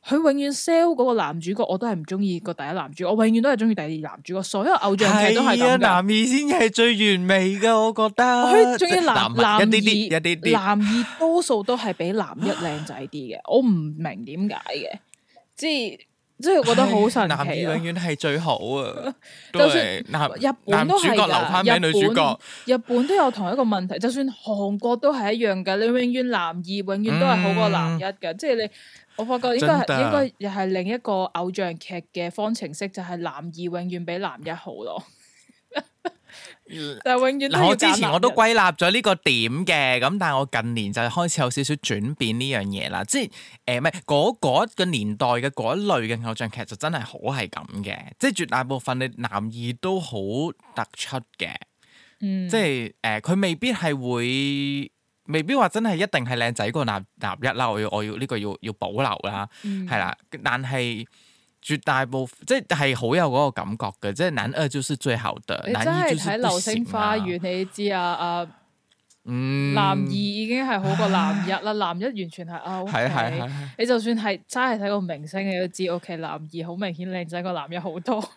佢永遠 sell 嗰個男主角，我都係唔中意個第一男主角，我永遠都係中意第二男主角。所有偶像劇都係咁嘅，男二先至係最完美嘅，我覺得。佢中意男男二，男二一啲男二多數都係比男一靚仔啲嘅。 我唔明點解嘅，即係。即係我覺得好神奇、啊，男二永遠係最好啊！ 是 就算日本都係留返俾女主角，日本都有同一個問題，就算韓國都係一樣噶。你永遠男二永遠都係好過男一嘅，嗯、即係你我發覺應該係的應該又係另一個偶像劇嘅方程式，就係、是、男二永遠比男一好咯。 就永遠嗱，我之前我都歸納咗呢個點嘅，咁但係我近年就開始有少少轉變呢樣嘢啦。即係誒，唔係嗰個年代嘅嗰一類嘅偶像劇就真係好係咁嘅，即係絕大部分你男二都好突出嘅，嗯，即係誒，佢、呃、未必係會，未必話真係一定係靚仔過男男一啦。我要我要呢、這個要要保留啦，係、嗯、啦，但係。絕大部分即係好有嗰個感覺嘅，即係男二就是最好的，男一就是不行啦，啊、你真係睇流星花園，你知啊啊，呃、嗯，男二已經係好過男一啦，唉男一完全係啊，O、okay, K，你就算係真係睇個明星，你都知 O、okay, K，男二好明顯靚仔過男一好多。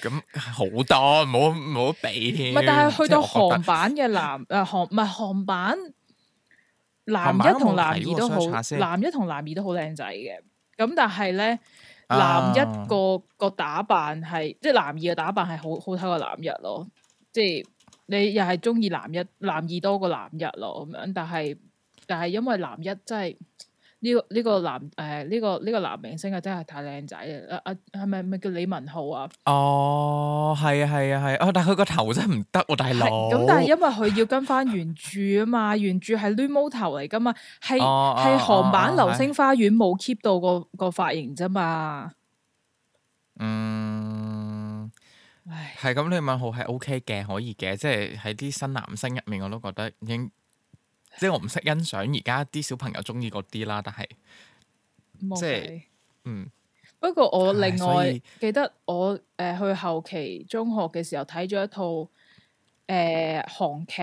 咁 好多冇冇得比添。唔係，但係去到韓版嘅男誒韓唔係韓版男一同男二都好，男一同男二都好靚仔嘅，咁但係咧。男一個個打扮係，啊，即係男二嘅打扮係好好睇過男一咯，即係你又係中意男一男二多過男一咯咁樣，但係但係因為男一真係。呢個呢個男誒呢、呃這個呢、這個男明星啊，真係太靚仔啊！阿阿係咪咪叫李文浩啊？哦，係啊，係啊，係啊！但係佢個頭真係唔得喎，但係留咁，但係因為佢要跟翻原著啊嘛， 原著係攣毛頭嚟㗎嘛，係係韓版流星花園冇 keep 到個個髮型啫嘛。嗯，係咁唉，李文浩係 OK 嘅，可以嘅，即係喺啲新男星入面，我都覺得應。即係我唔識欣賞而家啲小朋友中意嗰啲啦，但係是即係嗯。不過我另外記得我誒、呃、去後期中學嘅時候睇咗一套誒韓劇，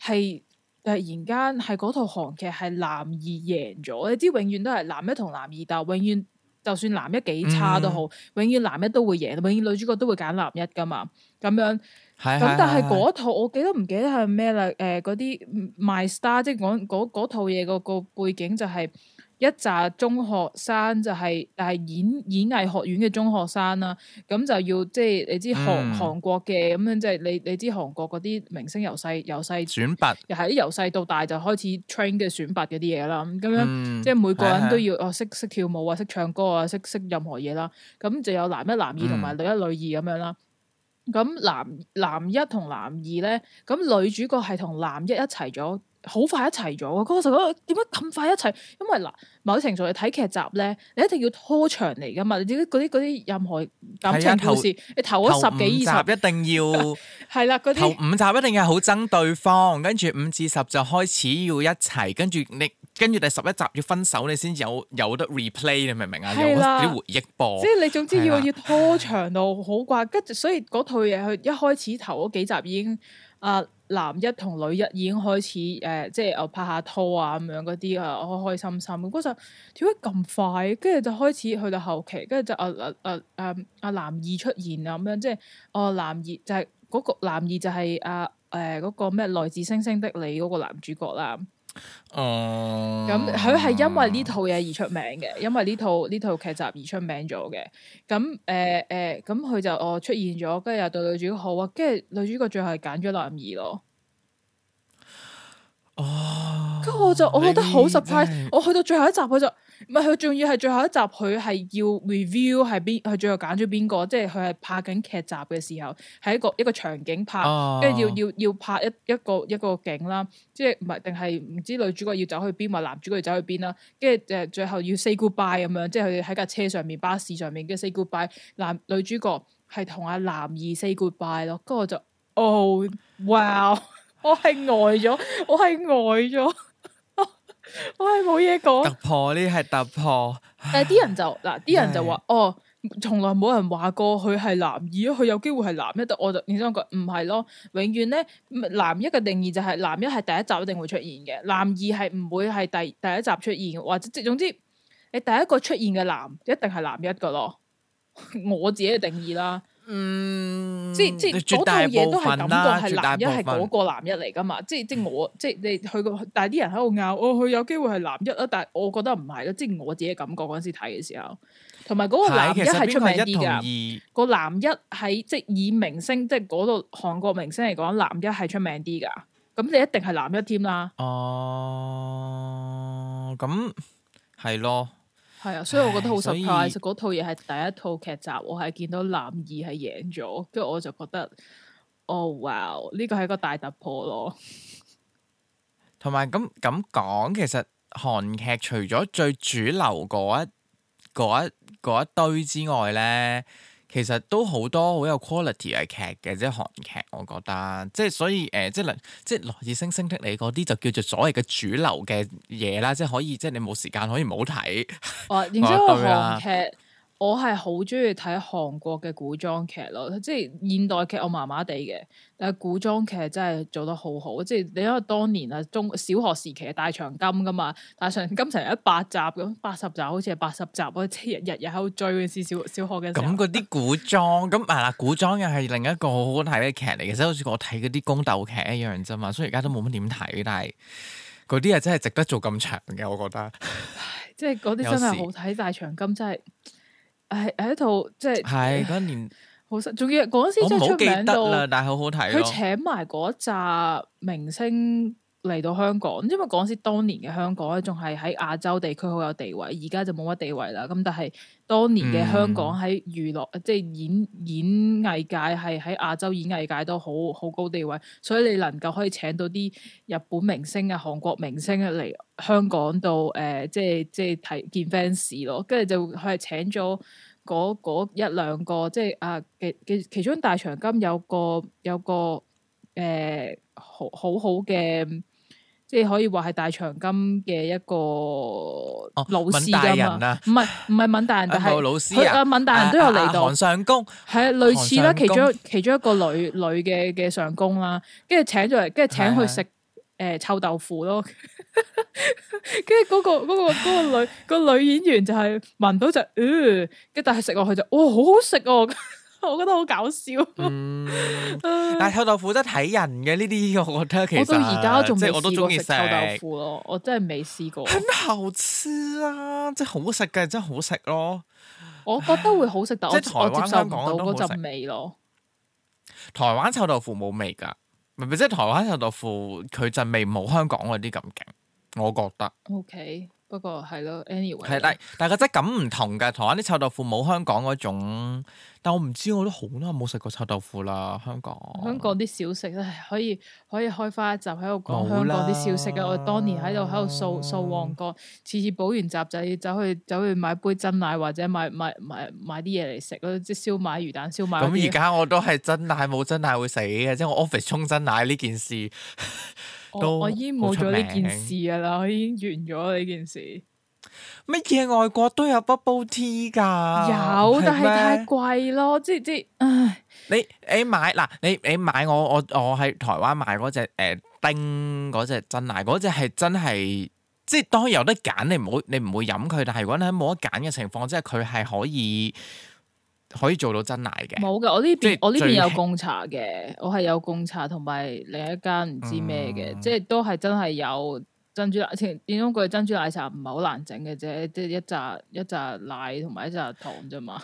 係、呃、突然間係嗰套韓劇係男二贏咗。你知永遠都係男一同男二，但永遠就算男一幾差都好，嗯、永遠男一都會贏，永遠女主角都會揀男一㗎嘛。咁樣。咁但係嗰套我記得唔記得係咩啦？誒，嗰啲 My Star，即係嗰套嘢，個背景就係一紮中學生，就係係演演藝學院嘅中學生啦。咁就要即係你知韓韓國嘅咁樣，即係你你知韓國嗰啲明星由細由細選拔，又喺由細到大就開始 train 嘅選拔嗰啲嘢啦。咁樣即係每個人都要哦，識識跳舞啊，識唱歌啊，識識任何嘢啦。咁就有男一男二同埋女一女二咁樣啦。咁男男一同男二咧，咁女主角係同男一一齊咗。好快一齊咗啊！嗰、那個時候覺得點解咁快一齊？因為嗱，某程度你睇劇集咧，你一定要拖長嚟噶嘛。你啲嗰啲任何感情故事，投你投咗十幾二十，一定要係啦。嗰啲五集一定要係好憎對方，跟住五至十就開始要一齊，跟住你跟住第十一集要分手，你先有有得 replay，你明唔明啊？的有啲回憶噃？即係你總之要的要拖長到好怪，跟住所以嗰套嘢佢一開始投咗幾集已經啊。男一同女一已經開始誒，呃，即係又，呃呃、拍下拖啊咁樣嗰啲啊，開開心心。嗰陣點解咁快？跟住就開始去到後期，跟住就啊啊啊啊啊男二出現啊咁樣，即係哦男二就係，是，嗰，那個男二就係，是，啊，誒，呃，嗰，那個咩來自星星的你嗰個男主角啦。哦，咁佢係因為呢套嘢而出名嘅，因為呢套呢套劇集而出名咗嘅。咁誒誒，咁、嗯、佢、嗯嗯嗯、就我、哦、出現咗，跟住又對女主角，好，跟住女主角最後係揀咗男二咯。哦，跟住我就你 我覺得好 surprise，我去到最後一集佢就。唔係，佢仲要係最後一集，佢係要 review 係邊，佢最後揀咗邊個，即係佢係拍緊劇集嘅時候，喺一個一個場景拍，跟住，啊、要要要拍一一個一個景啦，即係唔係定係唔知女主角要走去邊，或者男主角要走去邊啦，跟住，誒最後要 say goodbye 咁樣，即係佢喺架車上面，巴士上面，跟住 say goodbye，男女主角係同阿男二 say goodbye 咯，跟住我就哦，哇，oh, wow，我係呆咗， 我係呆咗。我係冇嘢講，突破呢係突破，突破但係啲人就嗱，啲唉人就話是哦，從來冇人話過佢係男二，佢有機會係男一，但我就認真講唔係咯？永遠咧男一嘅定義就係男一係第一集一定會出現嘅，男二係唔會係第第一集出現，或者即係總之，你第一個出現嘅男，男一定係男一噶咯，我自己嘅定義啦。嗯，即即嗰套嘢都係感覺係男一係嗰個男一嚟噶嘛？即即我即你去過，但係啲人喺度拗哦，佢有機會係男一啦。但係我覺得唔係咯，即我自己感覺嗰陣時睇嘅時候，同埋嗰個男一係出名啲噶。個男一喺即以明星即嗰度韓國明星嚟講，男一係出名啲噶。咁你一定係男一添啦。哦、呃，咁係咯。係啊，所以我覺得好 surprise，嗰套嘢係第一套劇集，我係見到男二係贏咗，跟住我就覺得哦，h、oh, wow，呢個係個大突破咯。同埋咁，咁講，其實韓劇除咗最主流嗰一嗰一嗰一堆之外咧。其實都好多好有 quality 嘅劇嘅，即係韓劇，我覺得即係所以誒、呃，即係即係來,來自星星的你嗰啲就叫做所謂嘅主流嘅嘢啦，即係可以即係你冇時間可以唔好睇。哦，然之後韓劇。 我係好中意睇韓國嘅古裝劇咯，即係現代劇我麻麻地嘅，但係古裝劇真係做得好好。即係你因為當年啊中小學時期嘅《大長今》噶嘛，《大長今》成一百集咁，八十集好似係八十集啊，即係日日喺度追嗰陣時，小小學嘅。咁嗰啲古裝咁 啊啦，古裝又係另一個好好睇嘅劇嚟嘅，即係好似我睇嗰啲宮鬥劇一樣啫嘛。所以而家都冇乜點睇，但係嗰啲又真係值得做咁長嘅，我覺得。 即係嗰啲真係好睇， 《大長今》真係。係喺一套即係，係嗰年好新，仲要嗰時真係出名到，但係好好睇。佢請埋嗰紮明星。嚟到香港，因為嗰時當年嘅香港咧，仲係喺亞洲地區好有地位，而家就冇乜地位啦。咁但係當年嘅香港喺娛樂，嗯、即係演演藝界，係喺亞洲演藝界都好好高地位，所以你能夠可以請到啲日本明星啊、韓國明星啊嚟香港度，誒、呃，即係即係睇見 fans 咯。跟住就佢係請咗嗰嗰一兩個，即係啊嘅嘅其，其，其中大長今有個有個。有個誒、呃，好好好嘅，即係可以話係大長今嘅一個老師㗎嘛？唔係唔係敏大人，係、啊、老師啊！敏大人都有嚟到，啊啊、韓尚宮，係類似啦，其中其中一個女女嘅嘅尚宮啦，跟住請咗嚟，跟住請佢食誒臭豆腐咯。跟住嗰個、那個、那個那個女個女演員就係聞到就、呃，嗯，跟但係食落去就，哇、哦、好好食哦、啊！我覺得好搞笑， 嗯。但係臭豆腐真係睇人嘅呢啲，我覺得其實我到而家仲未要食臭豆腐咯，我真係未試過很好，啊。很厚次啦，即係好食嘅，真係好食咯。我覺得會好食，唉我即係我接受唔到嗰陣味咯。台灣臭豆腐冇味噶，即係台灣臭豆腐佢陣味冇香港嗰啲咁勁，我覺得。O K。不過係咯，anyway。係，但但個質感唔同嘅，台灣啲臭豆腐冇香港嗰種。但我唔知我都好耐冇食過臭豆腐啦，香港。香港啲小食咧，可以可以開返一集喺度講香港啲小食嘅。啦我當年喺度喺度掃掃旺角，次次補完集就走去走去買杯珍奶或者買買買啲嘢嚟食咯，即係燒賣、魚蛋燒賣。咁而家我都係珍奶冇珍奶會死嘅，即係我 office 沖珍奶呢件事。 我，我已經冇咗呢件事噶啦，我已經完咗呢件事。乜嘢外國都有 Bubble Tea 噶？有，嗎但係太貴咯，即係即係唉。你你買嗱，你你買我我我喺台灣買嗰隻誒冰嗰隻真係，嗰隻係真係，即係當有得揀，你唔好你唔會飲佢。但係如果你喺冇得揀嘅情況，即係佢係可以。可以做到真奶嘅，冇嘅。我呢邊是我呢邊有貢茶嘅，美我係有貢茶同埋另一間唔知咩嘅，嗯、即係都係真係有珍珠奶。點講句，珍珠奶茶唔係好難整嘅啫，即係一扎一扎奶同埋一扎糖啫嘛。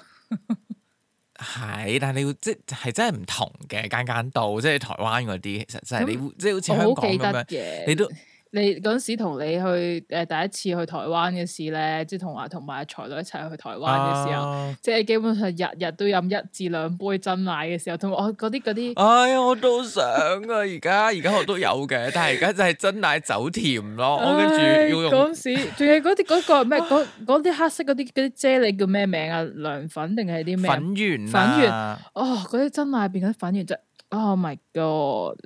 係，但係你會即係真係唔同嘅間間度，即係台灣嗰啲，其實真係你會即係好似香港咁樣，你都。你嗰陣時同你去誒第一次去台灣嘅事咧，即係同話同埋阿財女一齊去台灣嘅時候，即係、啊、基本上日日都飲一至兩杯珍奶嘅時候，同埋我嗰啲嗰啲，哎呀我都想啊！而家而家我都有嘅，但係而家就係珍奶走甜咯。 我跟住要用嗰陣、哎、時，仲係嗰啲嗰個咩？嗰啲 黑色嗰啲啲啫喱叫咩名啊？涼粉定係啲咩粉圓緣啊粉圓？哦，嗰啲珍奶入邊啲粉圓啫，Oh my God！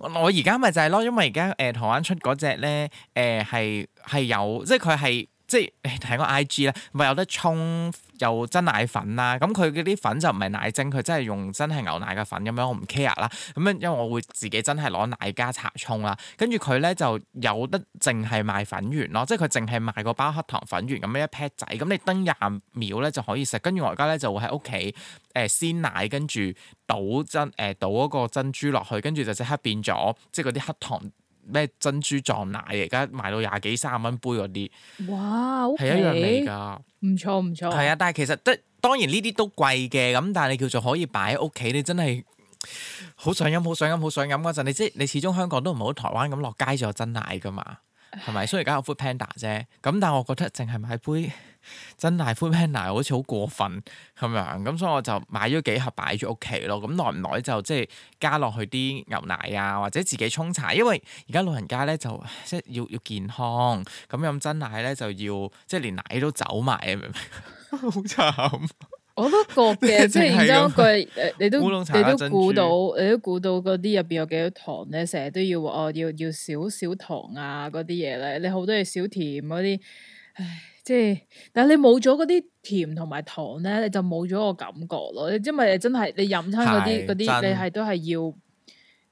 我而家咪就係咯，因為而家誒台灣出嗰隻咧，誒係係有，即係佢係。即係睇個 IG 啦，咪有得沖又真奶粉啦。咁佢嗰啲粉就唔係奶精，佢真係用真係牛奶嘅粉咁樣，我唔 care 啦。咁樣因為我會自己真係攞奶加茶沖啦。跟住佢咧就有得淨係賣粉圓咯，即係佢淨係賣個包黑糖粉圓咁樣一 pat 仔，咁你等廿秒咧就可以食。跟住我而家咧就會喺屋企誒鮮奶，跟住倒真誒倒嗰個珍珠落去，跟住就即刻變咗即係嗰啲黑糖。咩珍珠撞奶而家賣到廿幾卅蚊杯嗰啲，哇，係、okay, 一樣味㗎，唔錯唔錯，係啊，但係其實即係當然呢啲都貴嘅，咁但係你叫做可以擺喺屋企，你真係好想飲好想飲好想飲嗰陣，你即你始終香港都唔好台灣咁落街就有真奶噶嘛，係咪？ 所以而家有 food panda 啫，咁但係我覺得淨係買杯。真奶灰 u pan 奶好似好過分咁樣，咁所以我就買咗幾盒擺住屋企咯。咁耐唔耐就即係加落去啲牛奶啊，或者自己沖茶，因為而家老人家咧就即係要要健康，咁飲真奶咧就要即係連奶都走埋，明 好慘慘。 我都覺嘅，即係然之後你都你都估到，你都估到嗰啲入邊有幾多糖咧，成日都要哦，要要少少糖啊，嗰啲嘢，咧你好多嘢少甜嗰啲，唉。即係，但係你冇咗嗰啲甜同埋糖咧，你就冇咗個感覺咯。因為你真係你飲餐嗰啲啲，你係都係要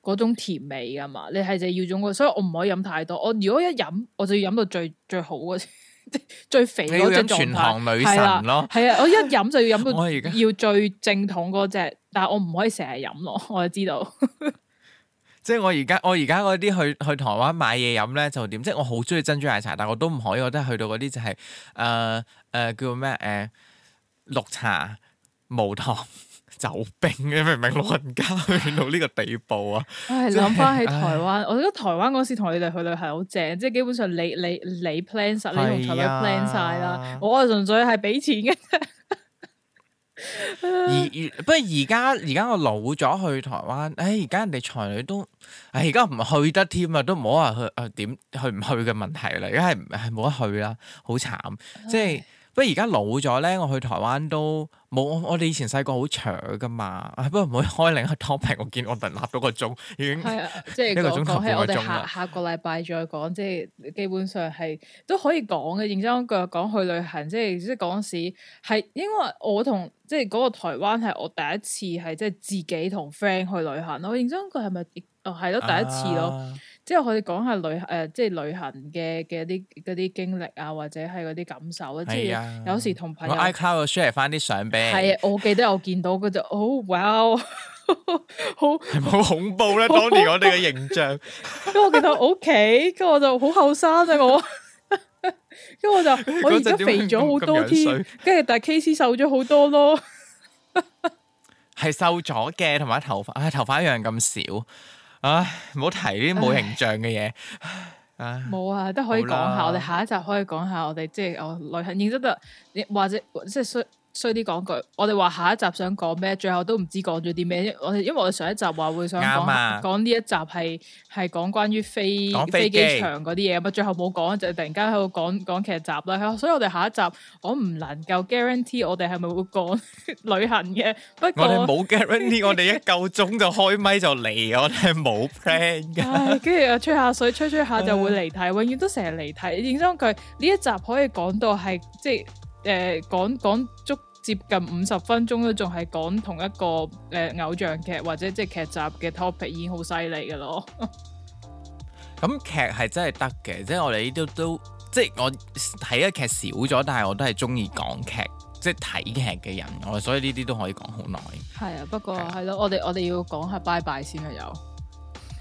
嗰種甜味噶嘛。你係就要種個，所以我唔可以飲太多。我如果一飲，我就要飲到最最好嗰 最肥嗰隻狀態係啦。係啊，我一飲就要飲到要最正統嗰隻， 現在 但係我唔可以成日飲咯，我就知道。 即係我而家，我而家嗰啲去去台灣買嘢飲咧就點？即係我好中意珍珠奶茶，但係我都唔可以覺得，就係，我、呃呃呃、都去到嗰啲就係誒誒叫咩誒綠茶無糖酒冰，你明唔明老人家去到呢個地步啊？我係諗翻起台灣，唉我覺得台灣嗰時同你哋去旅行好正，即係基本上你你你，你 plan 曬，你同仔女 plan 晒啦，我就純粹係俾錢嘅。 而，而不過而家而家我老咗去台灣，誒、哎、而家人哋才女都，誒而家唔去得添啊，都唔好話去啊、呃、點去唔去嘅問題啦，而家係係冇得去啦，好慘，Okay. 即係不過而家老咗咧，我去台灣都。冇，我哋以前細個好長噶嘛，啊，不如唔好開另一個 topic。我見我突然立咗個鐘，已經係啊，即係呢，這個鐘頭我哋下下個禮拜再講，即係基本上係都可以講嘅。認真佢講去旅行，即係即係陣時係因為我同即係嗰，那個台灣係我第一次係即係自己同 friend 去旅行咯。認真佢係咪？哦，係咯，第一次咯。啊啊啊即係我哋講下旅誒，呃，即係旅行嘅嘅啲嗰啲經歷啊，或者係嗰啲感受啊。即係 有時同朋友 share 翻啲相俾。係啊，我記得我見到佢就：哦「好，哇， 好， 是是恐好恐怖咧！ 當年我哋嘅形象。因為我記得 OK，企，跟住我就好後生啊，我。跟住我就，我而家肥咗好多添。」跟住但係 KC 瘦咗好多咯。係瘦咗嘅，同埋頭髮，頭髮一樣咁少。啊啊、唉，唔好提呢啲冇形象嘅嘢。唉，冇啊，都可以講了下，我哋下一集可以講下，我哋即係我旅行認識得，或者或者所。衰啲講句，我哋話下一集想講咩，最後都唔知講咗啲咩。我哋因為我哋上一集話會想講講呢一集係係講關於飛飛機，飛機場嗰啲嘢，咁啊最後冇講就突然間喺度講講劇集啦。所以我哋下一集我唔能夠 guarantee 我哋係咪會講 旅行嘅。不過我哋冇 guarantee，我哋一夠鐘就開咪就嚟，我哋係冇 plan 噶、 哎。跟住又吹下水，吹吹下就會離題， 永遠都成日離題，認真佢呢一集可以講到係即係。誒，講講足接近五十分鐘都仲係講同一個誒、呃、偶像劇或者即係劇集嘅 topic 已經好犀利嘅咯。咁、 嗯、劇係真係得嘅，即係我哋呢啲都，都即係我睇嘅劇少咗，但係我都係中意講劇，即係睇劇嘅人，我所以呢啲都可以講好耐。係啊，啊不過係咯、啊，我哋我哋要講下拜拜先啊，有。